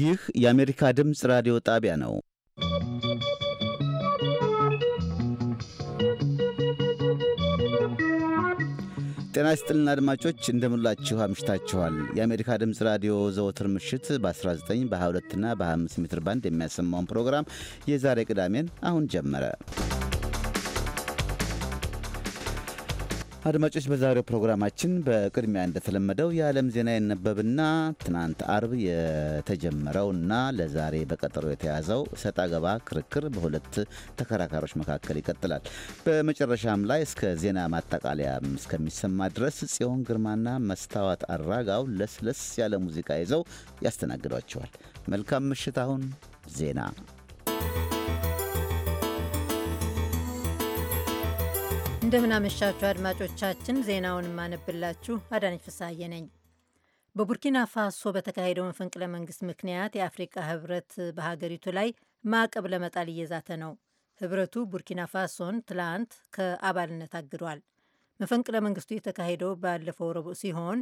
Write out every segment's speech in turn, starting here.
ይህ የአሜሪካ ድምፅ ራዲዮ ጣቢያ ነው። ጤና ስጥልና አድማጮች እንደምላችሁ አምሽታችኋል። የአሜሪካ ድምፅ ራዲዮ ዘወትር ምሽት በ19 በ22ና በ25 ሜትር ባንድ የሚያሰማውን ፕሮግራም የዛሬ ቅዳሜን አሁን ጀመረ። አድማጮች በዛሬው ፕሮግራማችን በቅድሚያ እንደተለመደው የዓለም ዜና የነበብና ትናንት አርብ የተጀመረውና ለዛሬ በቀጠሮ የተያዘው ሰጣ ገባ ክርክር በሁለት ተከራካሪዎች መካከል ይቀጥላል። በመጨረሻም ላይ እስከ ዜና ማጠቃለያ እስከሚሰማ ድረስ ጽዮን ግርማና መስታወት አራጋው ለስለስ ያለ ሙዚቃ ይዘው ያስተናግዷቸዋል። መልካም ምሽት። አሁን ዜና እንደምናመሻችሁ አድማጮቻችን፣ ዜናውን የማነብላችሁ አዳነች ፍሳዬ ነኝ። በቡርኪና ፋሶ በተካሄደው መፈንቅለ መንግስት ምክንያት የአፍሪቃ ህብረት በሀገሪቱ ላይ ማዕቀብ ለመጣል እየዛተ ነው። ህብረቱ ቡርኪና ፋሶን ትላንት ከአባልነት አግዷል። መፈንቅለ መንግስቱ የተካሄደው ባለፈው ረቡዕ ሲሆን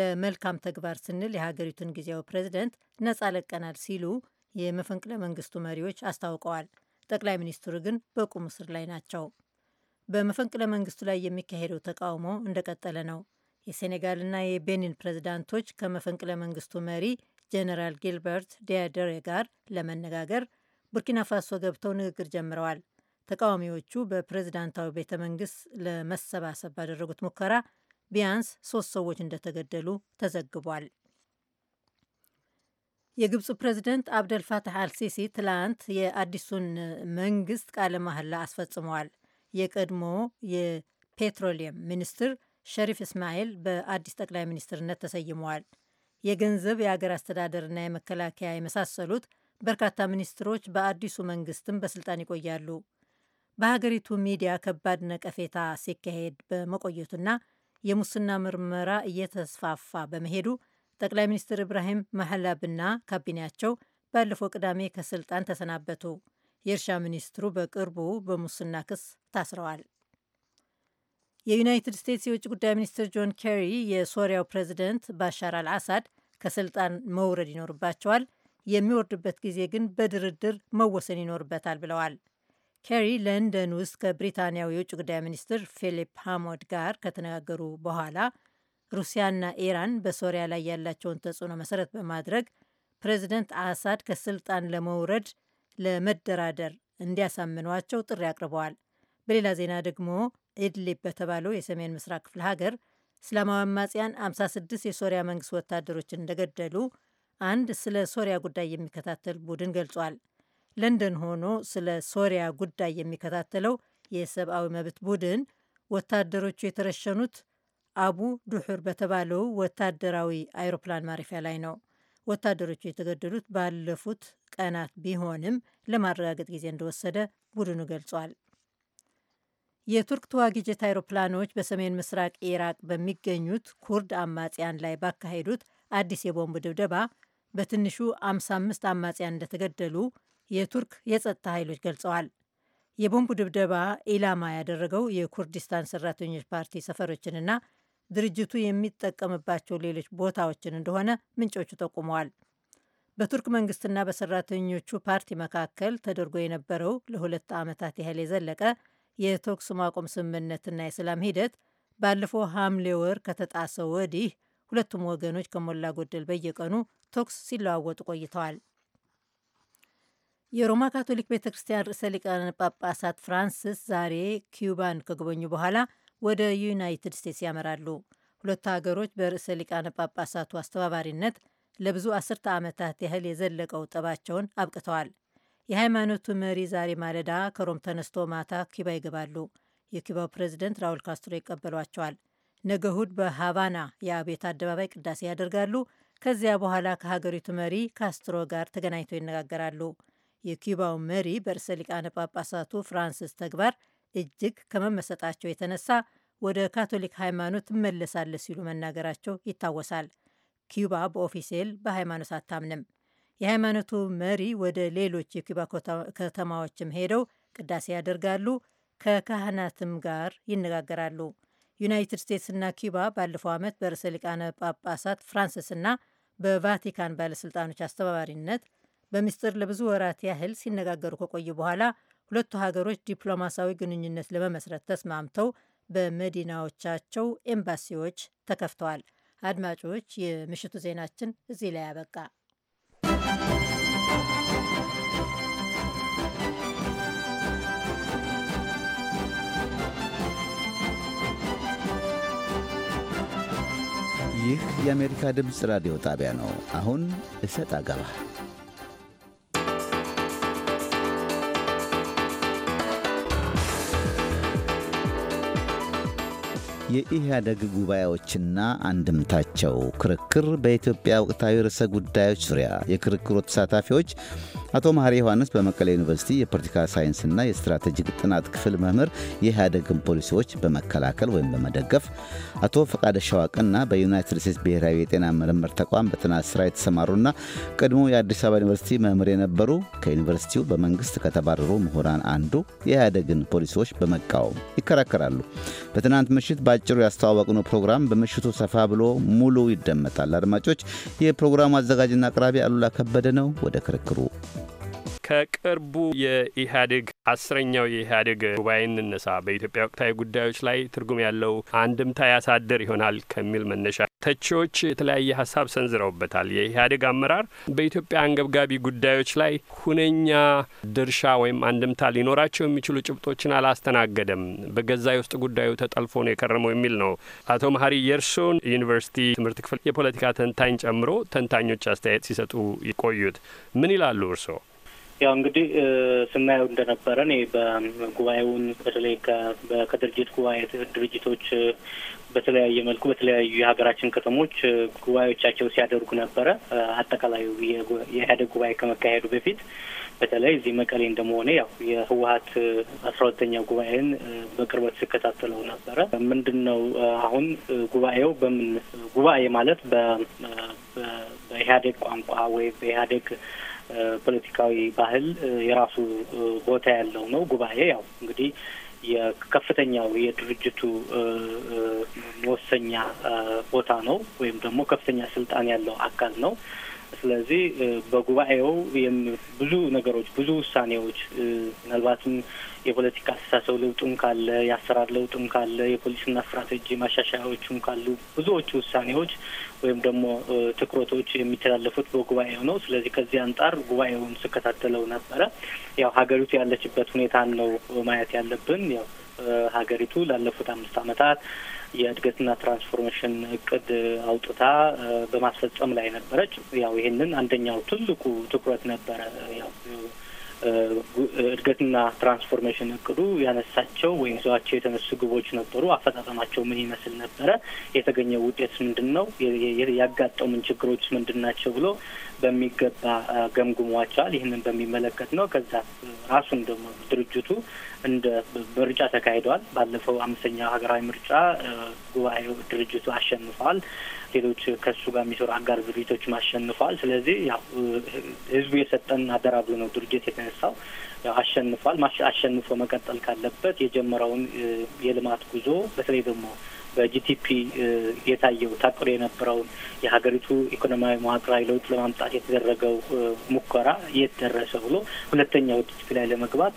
ለመልካም ተግባር ስንል የሀገሪቱን ጊዜያዊ ፕሬዚደንት ነጻ ለቀናል ሲሉ የመፈንቅለ መንግስቱ መሪዎች አስታውቀዋል። ጠቅላይ ሚኒስትሩ ግን በቁም እስር ላይ ናቸው። በመፈንቅለ መንግስቱ ላይ የሚካሄደው ተቃውሞ እንደቀጠለ ነው። የሴኔጋልና የቤኒን ፕሬዝዳንቶች ከመፈንቅለ መንግስቱ መሪ ጀነራል ጊልበርት ዲያደሬ ጋር ለመነጋገር ቡርኪና ፋሶ ገብተው ንግግር ጀምረዋል። ተቃዋሚዎቹ በፕሬዝዳንታዊ ቤተ መንግስት ለመሰባሰብ ባደረጉት ሙከራ ቢያንስ ሶስት ሰዎች እንደተገደሉ ተዘግቧል። የግብፁ ፕሬዚደንት አብደልፋታህ አልሲሲ ትላንት የአዲሱን መንግስት ቃለ መሐላ አስፈጽመዋል። የቀድሞ የፔትሮሊየም ሚኒስትር ሸሪፍ እስማኤል በአዲስ ጠቅላይ ሚኒስትርነት ተሰይመዋል። የገንዘብ፣ የአገር አስተዳደርና የመከላከያ የመሳሰሉት በርካታ ሚኒስትሮች በአዲሱ መንግስትም በስልጣን ይቆያሉ። በሀገሪቱ ሚዲያ ከባድ ነቀፌታ ሲካሄድ በመቆየቱና የሙስና ምርመራ እየተስፋፋ በመሄዱ ጠቅላይ ሚኒስትር ኢብራሂም መህላብና ካቢኔያቸው ባለፈው ቅዳሜ ከስልጣን ተሰናበቱ። የእርሻ ሚኒስትሩ በቅርቡ በሙስና ክስ ታስረዋል። የዩናይትድ ስቴትስ የውጭ ጉዳይ ሚኒስትር ጆን ኬሪ የሶሪያው ፕሬዚደንት ባሻር አልአሳድ ከስልጣን መውረድ ይኖርባቸዋል፣ የሚወርድበት ጊዜ ግን በድርድር መወሰን ይኖርበታል ብለዋል። ኬሪ ለንደን ውስጥ ከብሪታንያው የውጭ ጉዳይ ሚኒስትር ፊሊፕ ሃሞድ ጋር ከተነጋገሩ በኋላ ሩሲያና ኢራን በሶሪያ ላይ ያላቸውን ተጽዕኖ መሰረት በማድረግ ፕሬዚደንት አሳድ ከስልጣን ለመውረድ ለመደራደር እንዲያሳምኗቸው ጥሪ አቅርበዋል። በሌላ ዜና ደግሞ ኢድሊብ በተባለው የሰሜን ምስራቅ ክፍለ ሀገር እስላማዊ አማጽያን 56 የሶሪያ መንግስት ወታደሮችን እንደገደሉ አንድ ስለ ሶሪያ ጉዳይ የሚከታተል ቡድን ገልጿል። ለንደን ሆኖ ስለ ሶሪያ ጉዳይ የሚከታተለው የሰብአዊ መብት ቡድን ወታደሮቹ የተረሸኑት አቡ ዱሑር በተባለው ወታደራዊ አይሮፕላን ማረፊያ ላይ ነው። ወታደሮቹ የተገደሉት ባለፉት ቀናት ቢሆንም ለማረጋገጥ ጊዜ እንደወሰደ ቡድኑ ገልጿል። የቱርክ ተዋጊ ጀት አይሮፕላኖች በሰሜን ምስራቅ ኢራቅ በሚገኙት ኩርድ አማጽያን ላይ ባካሄዱት አዲስ የቦምብ ድብደባ በትንሹ 55 አማጽያን እንደተገደሉ የቱርክ የጸጥታ ኃይሎች ገልጸዋል። የቦምቡ ድብደባ ኢላማ ያደረገው የኩርዲስታን ሰራተኞች ፓርቲ ሰፈሮችንና ድርጅቱ የሚጠቀምባቸው ሌሎች ቦታዎችን እንደሆነ ምንጮቹ ጠቁመዋል። በቱርክ መንግስትና በሰራተኞቹ ፓርቲ መካከል ተደርጎ የነበረው ለሁለት ዓመታት ያህል የዘለቀ የተኩስ ማቆም ስምምነትና የሰላም ሂደት ባለፈው ሐምሌ ወር ከተጣሰ ወዲህ ሁለቱም ወገኖች ከሞላ ጎደል በየቀኑ ተኩስ ሲለዋወጡ ቆይተዋል። የሮማ ካቶሊክ ቤተ ክርስቲያን ርዕሰ ሊቃነ ጳጳሳት ፍራንሲስ ዛሬ ኪዩባን ከጎበኙ በኋላ ወደ ዩናይትድ ስቴትስ ያመራሉ። ሁለቱ ሀገሮች በርዕሰ ሊቃነ ጳጳሳቱ አስተባባሪነት ለብዙ አስርተ ዓመታት ያህል የዘለቀው ጠባቸውን አብቅተዋል። የሃይማኖቱ መሪ ዛሬ ማለዳ ከሮም ተነስቶ ማታ ኪባ ይገባሉ። የኪባው ፕሬዚደንት ራውል ካስትሮ ይቀበሏቸዋል። ነገ እሁድ በሃቫና የአቤት አደባባይ ቅዳሴ ያደርጋሉ። ከዚያ በኋላ ከሀገሪቱ መሪ ካስትሮ ጋር ተገናኝተው ይነጋገራሉ። የኪባው መሪ በርዕሰ ሊቃነ ጳጳሳቱ ፍራንሲስ ተግባር እጅግ ከመመሰጣቸው የተነሳ ወደ ካቶሊክ ሃይማኖት ትመለሳለህ ሲሉ መናገራቸው ይታወሳል። ኪዩባ በኦፊሴል በሃይማኖት አታምንም። የሃይማኖቱ መሪ ወደ ሌሎች የኪዩባ ከተማዎችም ሄደው ቅዳሴ ያደርጋሉ፣ ከካህናትም ጋር ይነጋገራሉ። ዩናይትድ ስቴትስና ኪዩባ ባለፈው ዓመት በርዕሰ ሊቃነ ጳጳሳት ፍራንስስና በቫቲካን ባለሥልጣኖች አስተባባሪነት በምስጢር ለብዙ ወራት ያህል ሲነጋገሩ ከቆዩ በኋላ ሁለቱ ሀገሮች ዲፕሎማሲያዊ ግንኙነት ለመመስረት ተስማምተው በመዲናዎቻቸው ኤምባሲዎች ተከፍተዋል። አድማጮች፣ የምሽቱ ዜናችን እዚህ ላይ ያበቃ። ይህ የአሜሪካ ድምፅ ራዲዮ ጣቢያ ነው። አሁን እሰጥ አገባ የኢህአደግ ጉባኤዎችና አንድምታቸው ክርክር በኢትዮጵያ ወቅታዊ ርዕሰ ጉዳዮች ዙሪያ የክርክሩ ተሳታፊዎች አቶ መሐሪ ዮሐንስ በመቀሌ ዩኒቨርሲቲ የፖለቲካ ሳይንስና የስትራቴጂክ ጥናት ክፍል መምህር የኢህአደግን ፖሊሲዎች በመከላከል ወይም በመደገፍ፣ አቶ ፈቃደ ሸዋቅና በዩናይትድ ስቴትስ ብሔራዊ የጤና ምርምር ተቋም በጥናት ስራ የተሰማሩና ቀድሞ የአዲስ አበባ ዩኒቨርሲቲ መምህር የነበሩ ከዩኒቨርሲቲው በመንግስት ከተባረሩ ምሁራን አንዱ የኢህአደግን ፖሊሲዎች በመቃወም ይከራከራሉ። በትናንት ምሽት በአጭሩ ያስተዋወቅነው ፕሮግራም በምሽቱ ሰፋ ብሎ ሙሉ ይደመጣል። አድማጮች፣ የፕሮግራሙ አዘጋጅና አቅራቢ አሉላ ከበደ ነው። ወደ ክርክሩ ከቅርቡ የኢህአዴግ አስረኛው የኢህአዴግ ጉባኤ እንነሳ። በኢትዮጵያ ወቅታዊ ጉዳዮች ላይ ትርጉም ያለው አንድምታ ያሳድር ይሆናል ከሚል መነሻ ተቺዎች የተለያየ ሀሳብ ሰንዝረውበታል። የኢህአዴግ አመራር በኢትዮጵያ አንገብጋቢ ጉዳዮች ላይ ሁነኛ ድርሻ ወይም አንድምታ ሊኖራቸው የሚችሉ ጭብጦችን አላስተናገደም፣ በገዛ የውስጥ ጉዳዩ ተጠልፎ ነው የከረመው የሚል ነው። አቶ መሀሪ የእርሶን ዩኒቨርሲቲ ትምህርት ክፍል የፖለቲካ ተንታኝ ጨምሮ ተንታኞች አስተያየት ሲሰጡ የቆዩት ምን ይላሉ እርስዎ? ያው እንግዲህ ስናየው እንደነበረ እኔ በጉባኤውን በተለይ ከድርጅት ጉባኤ ድርጅቶች በተለያየ መልኩ በተለያዩ የሀገራችን ከተሞች ጉባኤዎቻቸው ሲያደርጉ ነበረ። አጠቃላዩ የኢህአዴግ ጉባኤ ከመካሄዱ በፊት በተለይ እዚህ መቀሌ እንደመሆነ ያው የህወሀት አስራ ሁለተኛ ጉባኤን በቅርበት ሲከታተለው ነበረ። ምንድን ነው አሁን ጉባኤው በምን ጉባኤ ማለት በኢህአዴግ ቋንቋ ወይም በኢህአዴግ ፖለቲካዊ ባህል የራሱ ቦታ ያለው ነው። ጉባኤ ያው እንግዲህ የከፍተኛው የድርጅቱ መወሰኛ ቦታ ነው፣ ወይም ደግሞ ከፍተኛ ስልጣን ያለው አካል ነው። ስለዚህ በጉባኤው ብዙ ነገሮች ብዙ ውሳኔዎች ምናልባትም የፖለቲካ አስተሳሰብ ለውጡም ካለ የአሰራር ለውጡም ካለ የፖሊስና ስትራቴጂ ማሻሻያዎቹም ካሉ ብዙዎቹ ውሳኔዎች ወይም ደግሞ ትኩረቶች የሚተላለፉት በጉባኤው ነው። ስለዚህ ከዚህ አንጻር ጉባኤውን ስከታተለው ነበረ። ያው ሀገሪቱ ያለችበት ሁኔታን ነው ማየት ያለብን። ያው ሀገሪቱ ላለፉት አምስት ዓመታት የእድገትና ትራንስፎርሜሽን እቅድ አውጥታ በማስፈጸም ላይ ነበረች። ያው ይህንን አንደኛው ትልቁ ትኩረት ነበረ። ያው እድገትና ትራንስፎርሜሽን እቅዱ ያነሳቸው ወይም ይዘዋቸው የተነሱ ግቦች ነበሩ። አፈጻጸማቸው ምን ይመስል ነበረ? የተገኘው ውጤት ምንድን ነው? ያጋጠሙን ችግሮች ምንድን ናቸው? ብሎ በሚገባ ገምግሟቸዋል። ይህንን በሚመለከት ነው። ከዛ ራሱን ደግሞ ድርጅቱ እንደ ምርጫ ተካሂደዋል። ባለፈው አምስተኛው ሀገራዊ ምርጫ ጉባኤው ድርጅቱ አሸንፈዋል። ሌሎች ከሱ ጋር የሚሰሩ አጋር ድርጅቶችም አሸንፈዋል። ስለዚህ ያው ህዝቡ የሰጠን አደራብሎ ነው ድርጅት የተነሳው። ያው አሸንፏል። አሸንፎ መቀጠል ካለበት የጀመረውን የልማት ጉዞ በተለይ ደግሞ በጂቲፒ የታየው ታቅዶ የነበረውን የሀገሪቱ ኢኮኖሚያዊ መዋቅራዊ ለውጥ ለማምጣት የተደረገው ሙከራ የት ደረሰ ብሎ ሁለተኛው ጂቲፒ ላይ ለመግባት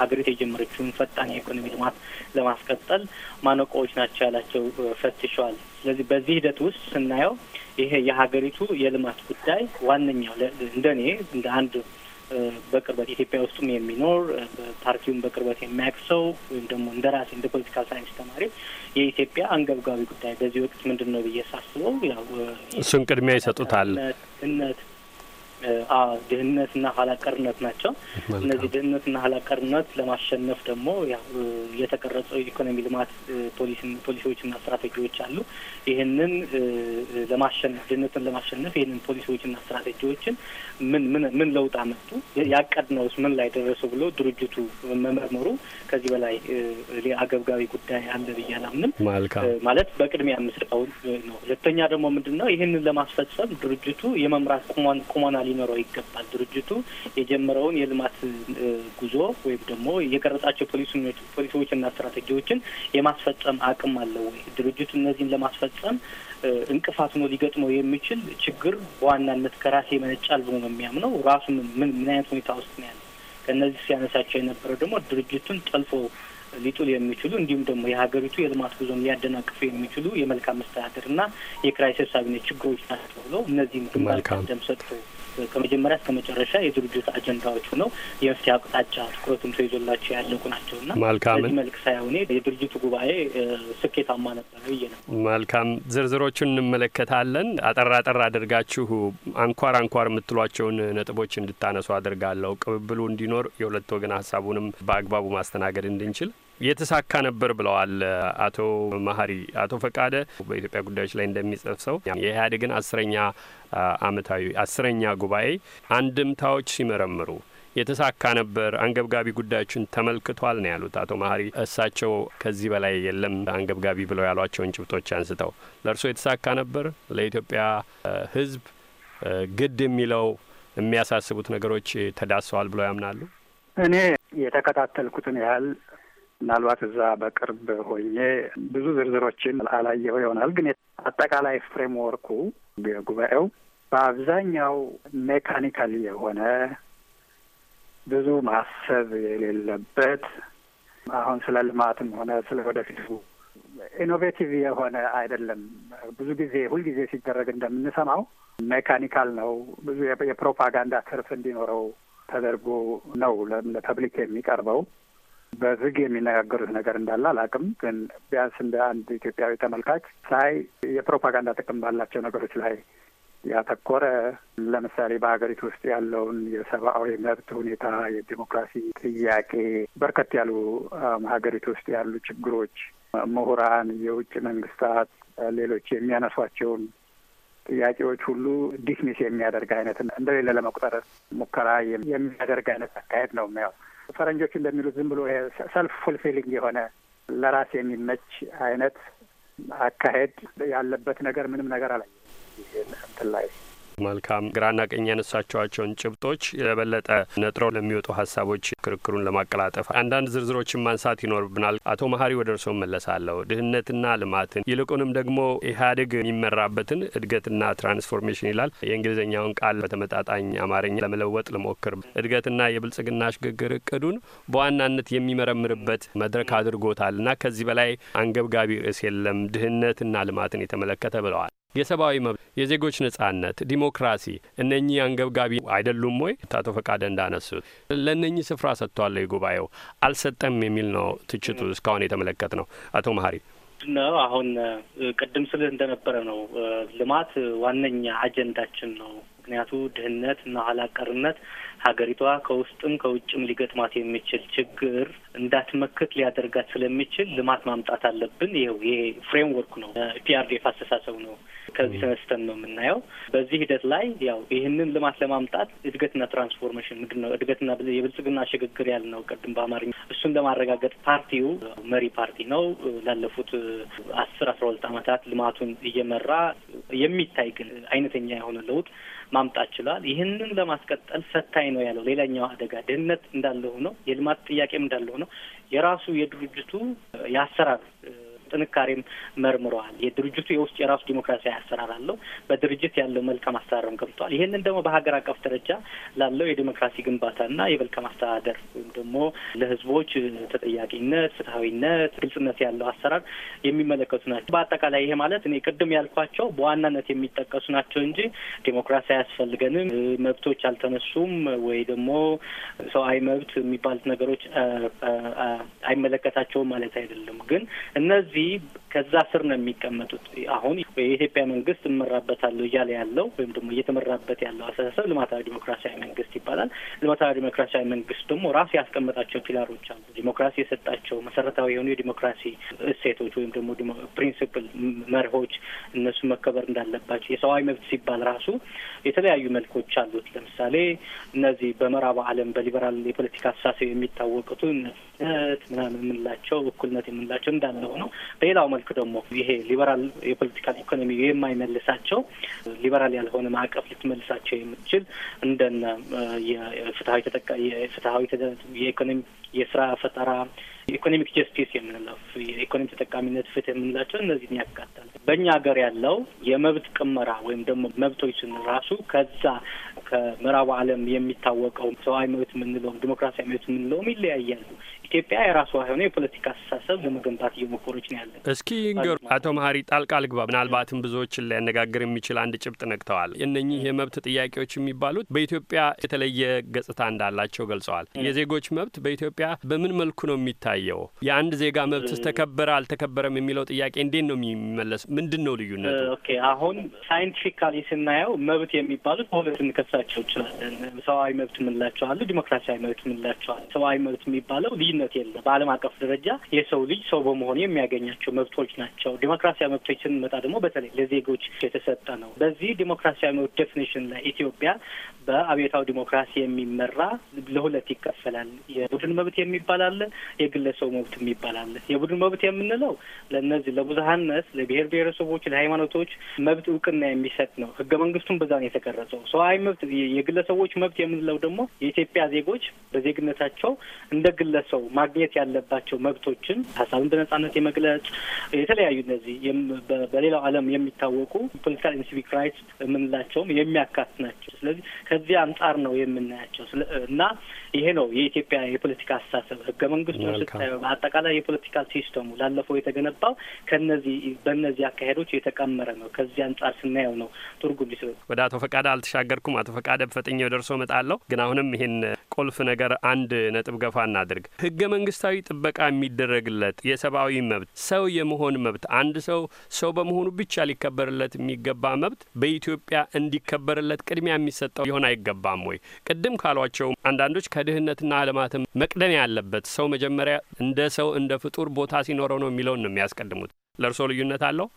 ሀገሪቱ የጀመረችውን ፈጣን የኢኮኖሚ ልማት ለማስቀጠል ማነቆዎች ናቸው ያላቸው ፈትሸዋል። ስለዚህ በዚህ ሂደት ውስጥ ስናየው ይሄ የሀገሪቱ የልማት ጉዳይ ዋነኛው እንደኔ እንደ አንድ በቅርበት ኢትዮጵያ ውስጡም የሚኖር ፓርቲውን በቅርበት የሚያውቅ ሰው ወይም ደግሞ እንደ ራሴ እንደ ፖለቲካል ሳይንስ ተማሪ የኢትዮጵያ አንገብጋቢ ጉዳይ በዚህ ወቅት ምንድን ነው ብዬ ሳስበው ያው እሱን ቅድሚያ ይሰጡታል። እነት ድህነትና ኋላቀርነት ናቸው። እነዚህ ድህነትና ኋላቀርነት ለማሸነፍ ደግሞ የተቀረጸው የኢኮኖሚ ልማት ፖሊሲዎችና ስትራቴጂዎች አሉ። ይህንን ለማሸነፍ ድህነትን ለማሸነፍ ይህንን ፖሊሲዎችና ስትራቴጂዎችን ምን ምን ምን ለውጥ አመጡ፣ ያቀድነውስ ምን ላይ ደረሱ ብሎ ድርጅቱ መመርመሩ ከዚህ በላይ አገብጋቢ ጉዳይ አለ ብዬ አላምንም። ማለት በቅድሚያ የምሰጠው ነው። ሁለተኛ ደግሞ ምንድን ነው ይህንን ለማስፈጸም ድርጅቱ የመምራት ቁመና ሊኖረው ይገባል። ድርጅቱ የጀመረውን የልማት ጉዞ ወይም ደግሞ የቀረጻቸው ፖሊሲዎችና ስትራቴጂዎችን የማስፈጸም አቅም አለው ወይ? ድርጅቱ እነዚህን ለማስፈጸም እንቅፋት ሆኖ ሊገጥመው የሚችል ችግር በዋናነት ከራሴ ይመነጫል ብሎ ነው የሚያምነው። ራሱ ምን ምን አይነት ሁኔታ ውስጥ ነው ያለው? ከእነዚህ ሲያነሳቸው የነበረው ደግሞ ድርጅቱን ጠልፎ ሊጡል የሚችሉ እንዲሁም ደግሞ የሀገሪቱ የልማት ጉዞን ሊያደናቅፉ የሚችሉ የመልካም መስተዳደርና የክራይሴስ አብነት ችግሮች ናቸው ብለው እነዚህም ግንባር ቀደም ሰጥተው ከመጀመሪያ እስከ መጨረሻ የድርጅት አጀንዳዎች ነው የመፍትሄ አቅጣጫ ትኩረትም ተይዞላቸው ያለቁ ናቸው መልካም በዚህ መልክ ሳይሆን የድርጅቱ ጉባኤ ስኬታማ ነበረ ብዬ ነው። መልካም ዝርዝሮቹን እንመለከታለን። አጠራ አጠር አድርጋችሁ አንኳር አንኳር የምትሏቸውን ነጥቦች እንድታነሱ አድርጋለሁ። ቅብብሉ እንዲኖር የሁለት ወገን ሀሳቡንም በአግባቡ ማስተናገድ እንድንችል የተሳካ ነበር ብለዋል አቶ መሀሪ። አቶ ፈቃደ በኢትዮጵያ ጉዳዮች ላይ እንደሚጽፍ ሰው የኢህአዴግን አስረኛ አመታዊ አስረኛ ጉባኤ አንድምታዎች ሲመረምሩ የተሳካ ነበር፣ አንገብጋቢ ጉዳዮችን ተመልክቷል ነው ያሉት አቶ መሀሪ። እሳቸው ከዚህ በላይ የለም አንገብጋቢ ብለው ያሏቸውን ጭብጦች አንስተው ለእርስዎ የተሳካ ነበር፣ ለኢትዮጵያ ህዝብ ግድ የሚለው የሚያሳስቡት ነገሮች ተዳሰዋል ብለው ያምናሉ? እኔ የተከታተልኩትን ያህል ምናልባት እዛ በቅርብ ሆኜ ብዙ ዝርዝሮችን አላየው ይሆናል። ግን አጠቃላይ ፍሬምወርኩ የጉባኤው በአብዛኛው ሜካኒካል የሆነ ብዙ ማሰብ የሌለበት አሁን ስለ ልማትም ሆነ ስለ ወደፊቱ ኢኖቬቲቭ የሆነ አይደለም። ብዙ ጊዜ ሁልጊዜ ሲደረግ እንደምንሰማው ሜካኒካል ነው። ብዙ የፕሮፓጋንዳ ትርፍ እንዲኖረው ተደርጎ ነው ለፐብሊክ የሚቀርበው። በዝግ የሚነጋገሩት ነገር እንዳለ አላውቅም። ግን ቢያንስ እንደ አንድ ኢትዮጵያዊ ተመልካች ሳይ የፕሮፓጋንዳ ጥቅም ባላቸው ነገሮች ላይ ያተኮረ ለምሳሌ በሀገሪቱ ውስጥ ያለውን የሰብአዊ መብት ሁኔታ፣ የዲሞክራሲ ጥያቄ፣ በርከት ያሉ ሀገሪቱ ውስጥ ያሉ ችግሮች ምሁራን፣ የውጭ መንግስታት፣ ሌሎች የሚያነሷቸውን ጥያቄዎች ሁሉ ዲስሚስ የሚያደርግ አይነት እንደሌለ ለመቁጠር ሙከራ የሚያደርግ አይነት አካሄድ ነው የሚያው ፈረንጆች እንደሚሉት ዝም ብሎ ሰልፍ ፉልፊሊንግ የሆነ ለራስ የሚመች አይነት አካሄድ ያለበት ነገር ምንም ነገር አላየሁም። እንትን ላይ መልካም ግራና ቀኝ ያነሳቸዋቸውን ጭብጦች የበለጠ ነጥረው ለሚወጡ ሀሳቦች ክርክሩን ለማቀላጠፍ አንዳንድ ዝርዝሮችን ማንሳት ይኖርብናል። አቶ መሀሪ ወደ እርስዎ መለሳለሁ። ድህነትና ልማትን ይልቁንም ደግሞ ኢህአዴግ የሚመራበትን እድገትና ትራንስፎርሜሽን ይላል። የእንግሊዝኛውን ቃል በተመጣጣኝ አማርኛ ለመለወጥ ልሞክር። እድገትና የብልጽግና ሽግግር እቅዱን በዋናነት የሚመረምርበት መድረክ አድርጎታልና ከዚህ በላይ አንገብጋቢ ርዕስ የለም ድህነትና ልማትን የተመለከተ ብለዋል። የሰብአዊ መብት፣ የዜጎች ነጻነት፣ ዲሞክራሲ እነኚህ አንገብጋቢ አይደሉም ወይ? አቶ ፈቃደ እንዳነሱት ለእነኚህ ስፍራ ሰጥቷል ጉባኤው አልሰጠም የሚል ነው ትችቱ እስካሁን የተመለከት ነው። አቶ መሀሪ ነው አሁን ቅድም ስልህ እንደነበረ ነው ልማት ዋነኛ አጀንዳችን ነው። ምክንያቱ ድህነት እና ኋላ ሀገሪቷ ከውስጥም ከውጭም ሊገጥማት የሚችል ችግር እንዳትመክት ሊያደርጋት ስለሚችል ልማት ማምጣት አለብን። ይኸው ይሄ ፍሬምወርክ ነው፣ ፒአርዲኤፍ አስተሳሰቡ ነው። ከዚህ ተነስተን ነው የምናየው። በዚህ ሂደት ላይ ያው ይህንን ልማት ለማምጣት እድገትና ትራንስፎርሜሽን ምንድን ነው እድገትና የብልጽግና ሽግግር ያልነው ቅድም በአማርኛ እሱን ለማረጋገጥ ፓርቲው መሪ ፓርቲ ነው። ላለፉት አስር አስራ ሁለት ዓመታት ልማቱን እየመራ የሚታይ ግን አይነተኛ የሆነ ለውጥ ማምጣት ችሏል። ይህንን ለማስቀጠል ፈታኝ ነው ያለው ሌላኛው አደጋ ድህነት እንዳለ ሆኖ የልማት ጥያቄም እንዳለ ሆኖ የራሱ የድርጅቱ የአሰራር ጥንካሬም መርምረዋል። የድርጅቱ የውስጥ የራሱ ዲሞክራሲያዊ አሰራር አለው። በድርጅት ያለው መልካም አሰራርም ገብቷል። ይህንን ደግሞ በሀገር አቀፍ ደረጃ ላለው የዲሞክራሲ ግንባታና የመልካም አስተዳደር ወይም ደግሞ ለህዝቦች ተጠያቂነት፣ ፍትሀዊነት፣ ግልጽነት ያለው አሰራር የሚመለከቱ ናቸው። በአጠቃላይ ይሄ ማለት እኔ ቅድም ያልኳቸው በዋናነት የሚጠቀሱ ናቸው እንጂ ዲሞክራሲ አያስፈልገንም፣ መብቶች አልተነሱም፣ ወይ ደግሞ ሰብአዊ መብት የሚባሉት ነገሮች አይመለከታቸውም ማለት አይደለም። ግን እነዚህ the ከዛ ስር ነው የሚቀመጡት። አሁን የኢትዮጵያ መንግስት እመራበታለሁ እያለ ያለው ወይም ደግሞ እየተመራበት ያለው አስተሳሰብ ልማታዊ ዲሞክራሲያዊ መንግስት ይባላል። ልማታዊ ዲሞክራሲያዊ መንግስት ደግሞ ራሱ ያስቀመጣቸው ፒላሮች አሉ። ዲሞክራሲ የሰጣቸው መሰረታዊ የሆኑ የዲሞክራሲ እሴቶች ወይም ደግሞ ፕሪንስፕል መርሆች፣ እነሱ መከበር እንዳለባቸው የሰብአዊ መብት ሲባል ራሱ የተለያዩ መልኮች አሉት። ለምሳሌ እነዚህ በምዕራብ ዓለም በሊበራል የፖለቲካ አስተሳሰብ የሚታወቁትን ምናምን የምንላቸው እኩልነት የምንላቸው እንዳለ ሆነው በሌላው መልክ ደግሞ ይሄ ሊበራል የፖለቲካል ኢኮኖሚ የማይመልሳቸው ሊበራል ያልሆነ ማዕቀፍ ልትመልሳቸው የምትችል እንደነ የፍትሀዊ ተጠቃ የፍትሀዊ የኢኮኖሚ የስራ ፈጠራ ኢኮኖሚክ ጀስቲስ የምንለው የኢኮኖሚ ተጠቃሚነት ፍትህ የምንላቸው እነዚህን ያካታል። በእኛ ሀገር ያለው የመብት ቅመራ ወይም ደግሞ መብቶችን ራሱ ከዛ ከምዕራቡ ዓለም የሚታወቀው ሰብአዊ መብት የምንለውም ዲሞክራሲያዊ መብት የምንለውም ይለያያሉ። ኢትዮጵያ የራሷ የሆነ የፖለቲካ አስተሳሰብ ለመገንባት እየሞከረች ነው ያለን። እስኪ ንገሩ አቶ መሀሪ ጣልቃ ልግባ። ምናልባትም ብዙዎችን ሊያነጋግር የሚችል አንድ ጭብጥ ነቅተዋል። እነኚህ የመብት ጥያቄዎች የሚባሉት በኢትዮጵያ የተለየ ገጽታ እንዳላቸው ገልጸዋል። የዜጎች መብት በኢትዮጵያ በምን መልኩ ነው የሚታየው? የአንድ ዜጋ መብት ስተከበረ አልተከበረም የሚለው ጥያቄ እንዴት ነው የሚመለስ? ምንድን ነው ልዩነቱ? ኦኬ አሁን ሳይንቲፊካሊ ስናየው መብት የሚባሉት በሁለት እንከሳቸው ይችላለን። ሰብአዊ መብት ምንላቸዋለ፣ ዲሞክራሲያዊ መብት ምንላቸዋል። ሰብአዊ መብት የሚባለው ልዩ ልዩነት የለም። በዓለም አቀፍ ደረጃ የሰው ልጅ ሰው በመሆኑ የሚያገኛቸው መብቶች ናቸው። ዲሞክራሲያዊ መብቶች ስንመጣ ደግሞ በተለይ ለዜጎች የተሰጠ ነው። በዚህ ዲሞክራሲያዊ መብት ዴፊኒሽን ላይ ኢትዮጵያ በአብዮታዊ ዲሞክራሲ የሚመራ ለሁለት ይከፈላል። የቡድን መብት የሚባል አለ፣ የግለሰቡ መብት የሚባል አለ። የቡድን መብት የምንለው ለእነዚህ ለብዙሀነት፣ ለብሔር ብሔረሰቦች፣ ለሃይማኖቶች መብት እውቅና የሚሰጥ ነው። ህገ መንግስቱም በዛ ነው የተቀረጸው። ሰብአዊ መብት የግለሰቦች መብት የምንለው ደግሞ የኢትዮጵያ ዜጎች በዜግነታቸው እንደ ግለሰቡ ማግኘት ያለባቸው መብቶችን ሀሳብን በነጻነት የመግለጽ የተለያዩ እነዚህ በሌላው ዓለም የሚታወቁ ፖለቲካል ኤንድ ሲቪክ ራይትስ የምንላቸውም የሚያካት ናቸው። ስለዚህ ከዚህ አንጻር ነው የምናያቸው እና ይሄ ነው የኢትዮጵያ የፖለቲካ አስተሳሰብ። ህገ መንግስቱን ስታየው በአጠቃላይ የፖለቲካ ሲስተሙ ላለፈው የተገነባው ከነዚህ በእነዚህ አካሄዶች የተቀመረ ነው። ከዚህ አንጻር ስናየው ነው ትርጉም ሊስ ወደ አቶ ፈቃደ አልተሻገርኩም። አቶ ፈቃደ በፈጠኛው ደርሶ መጣለሁ። ግን አሁንም ይሄን ቁልፍ ነገር አንድ ነጥብ ገፋ እናድርግ። ህገ መንግስታዊ ጥበቃ የሚደረግለት የሰብአዊ መብት ሰው የመሆን መብት አንድ ሰው ሰው በመሆኑ ብቻ ሊከበርለት የሚገባ መብት በኢትዮጵያ እንዲከበርለት ቅድሚያ የሚሰጠው ሊሆን አይገባም ወይ? ቅድም ካሏቸው አንዳንዶች ከድህነትና ልማትም መቅደም ያለበት ሰው መጀመሪያ እንደ ሰው እንደ ፍጡር ቦታ ሲኖረው ነው የሚለውን ነው የሚያስቀድሙት። ለእርስዎ ልዩነት አለው?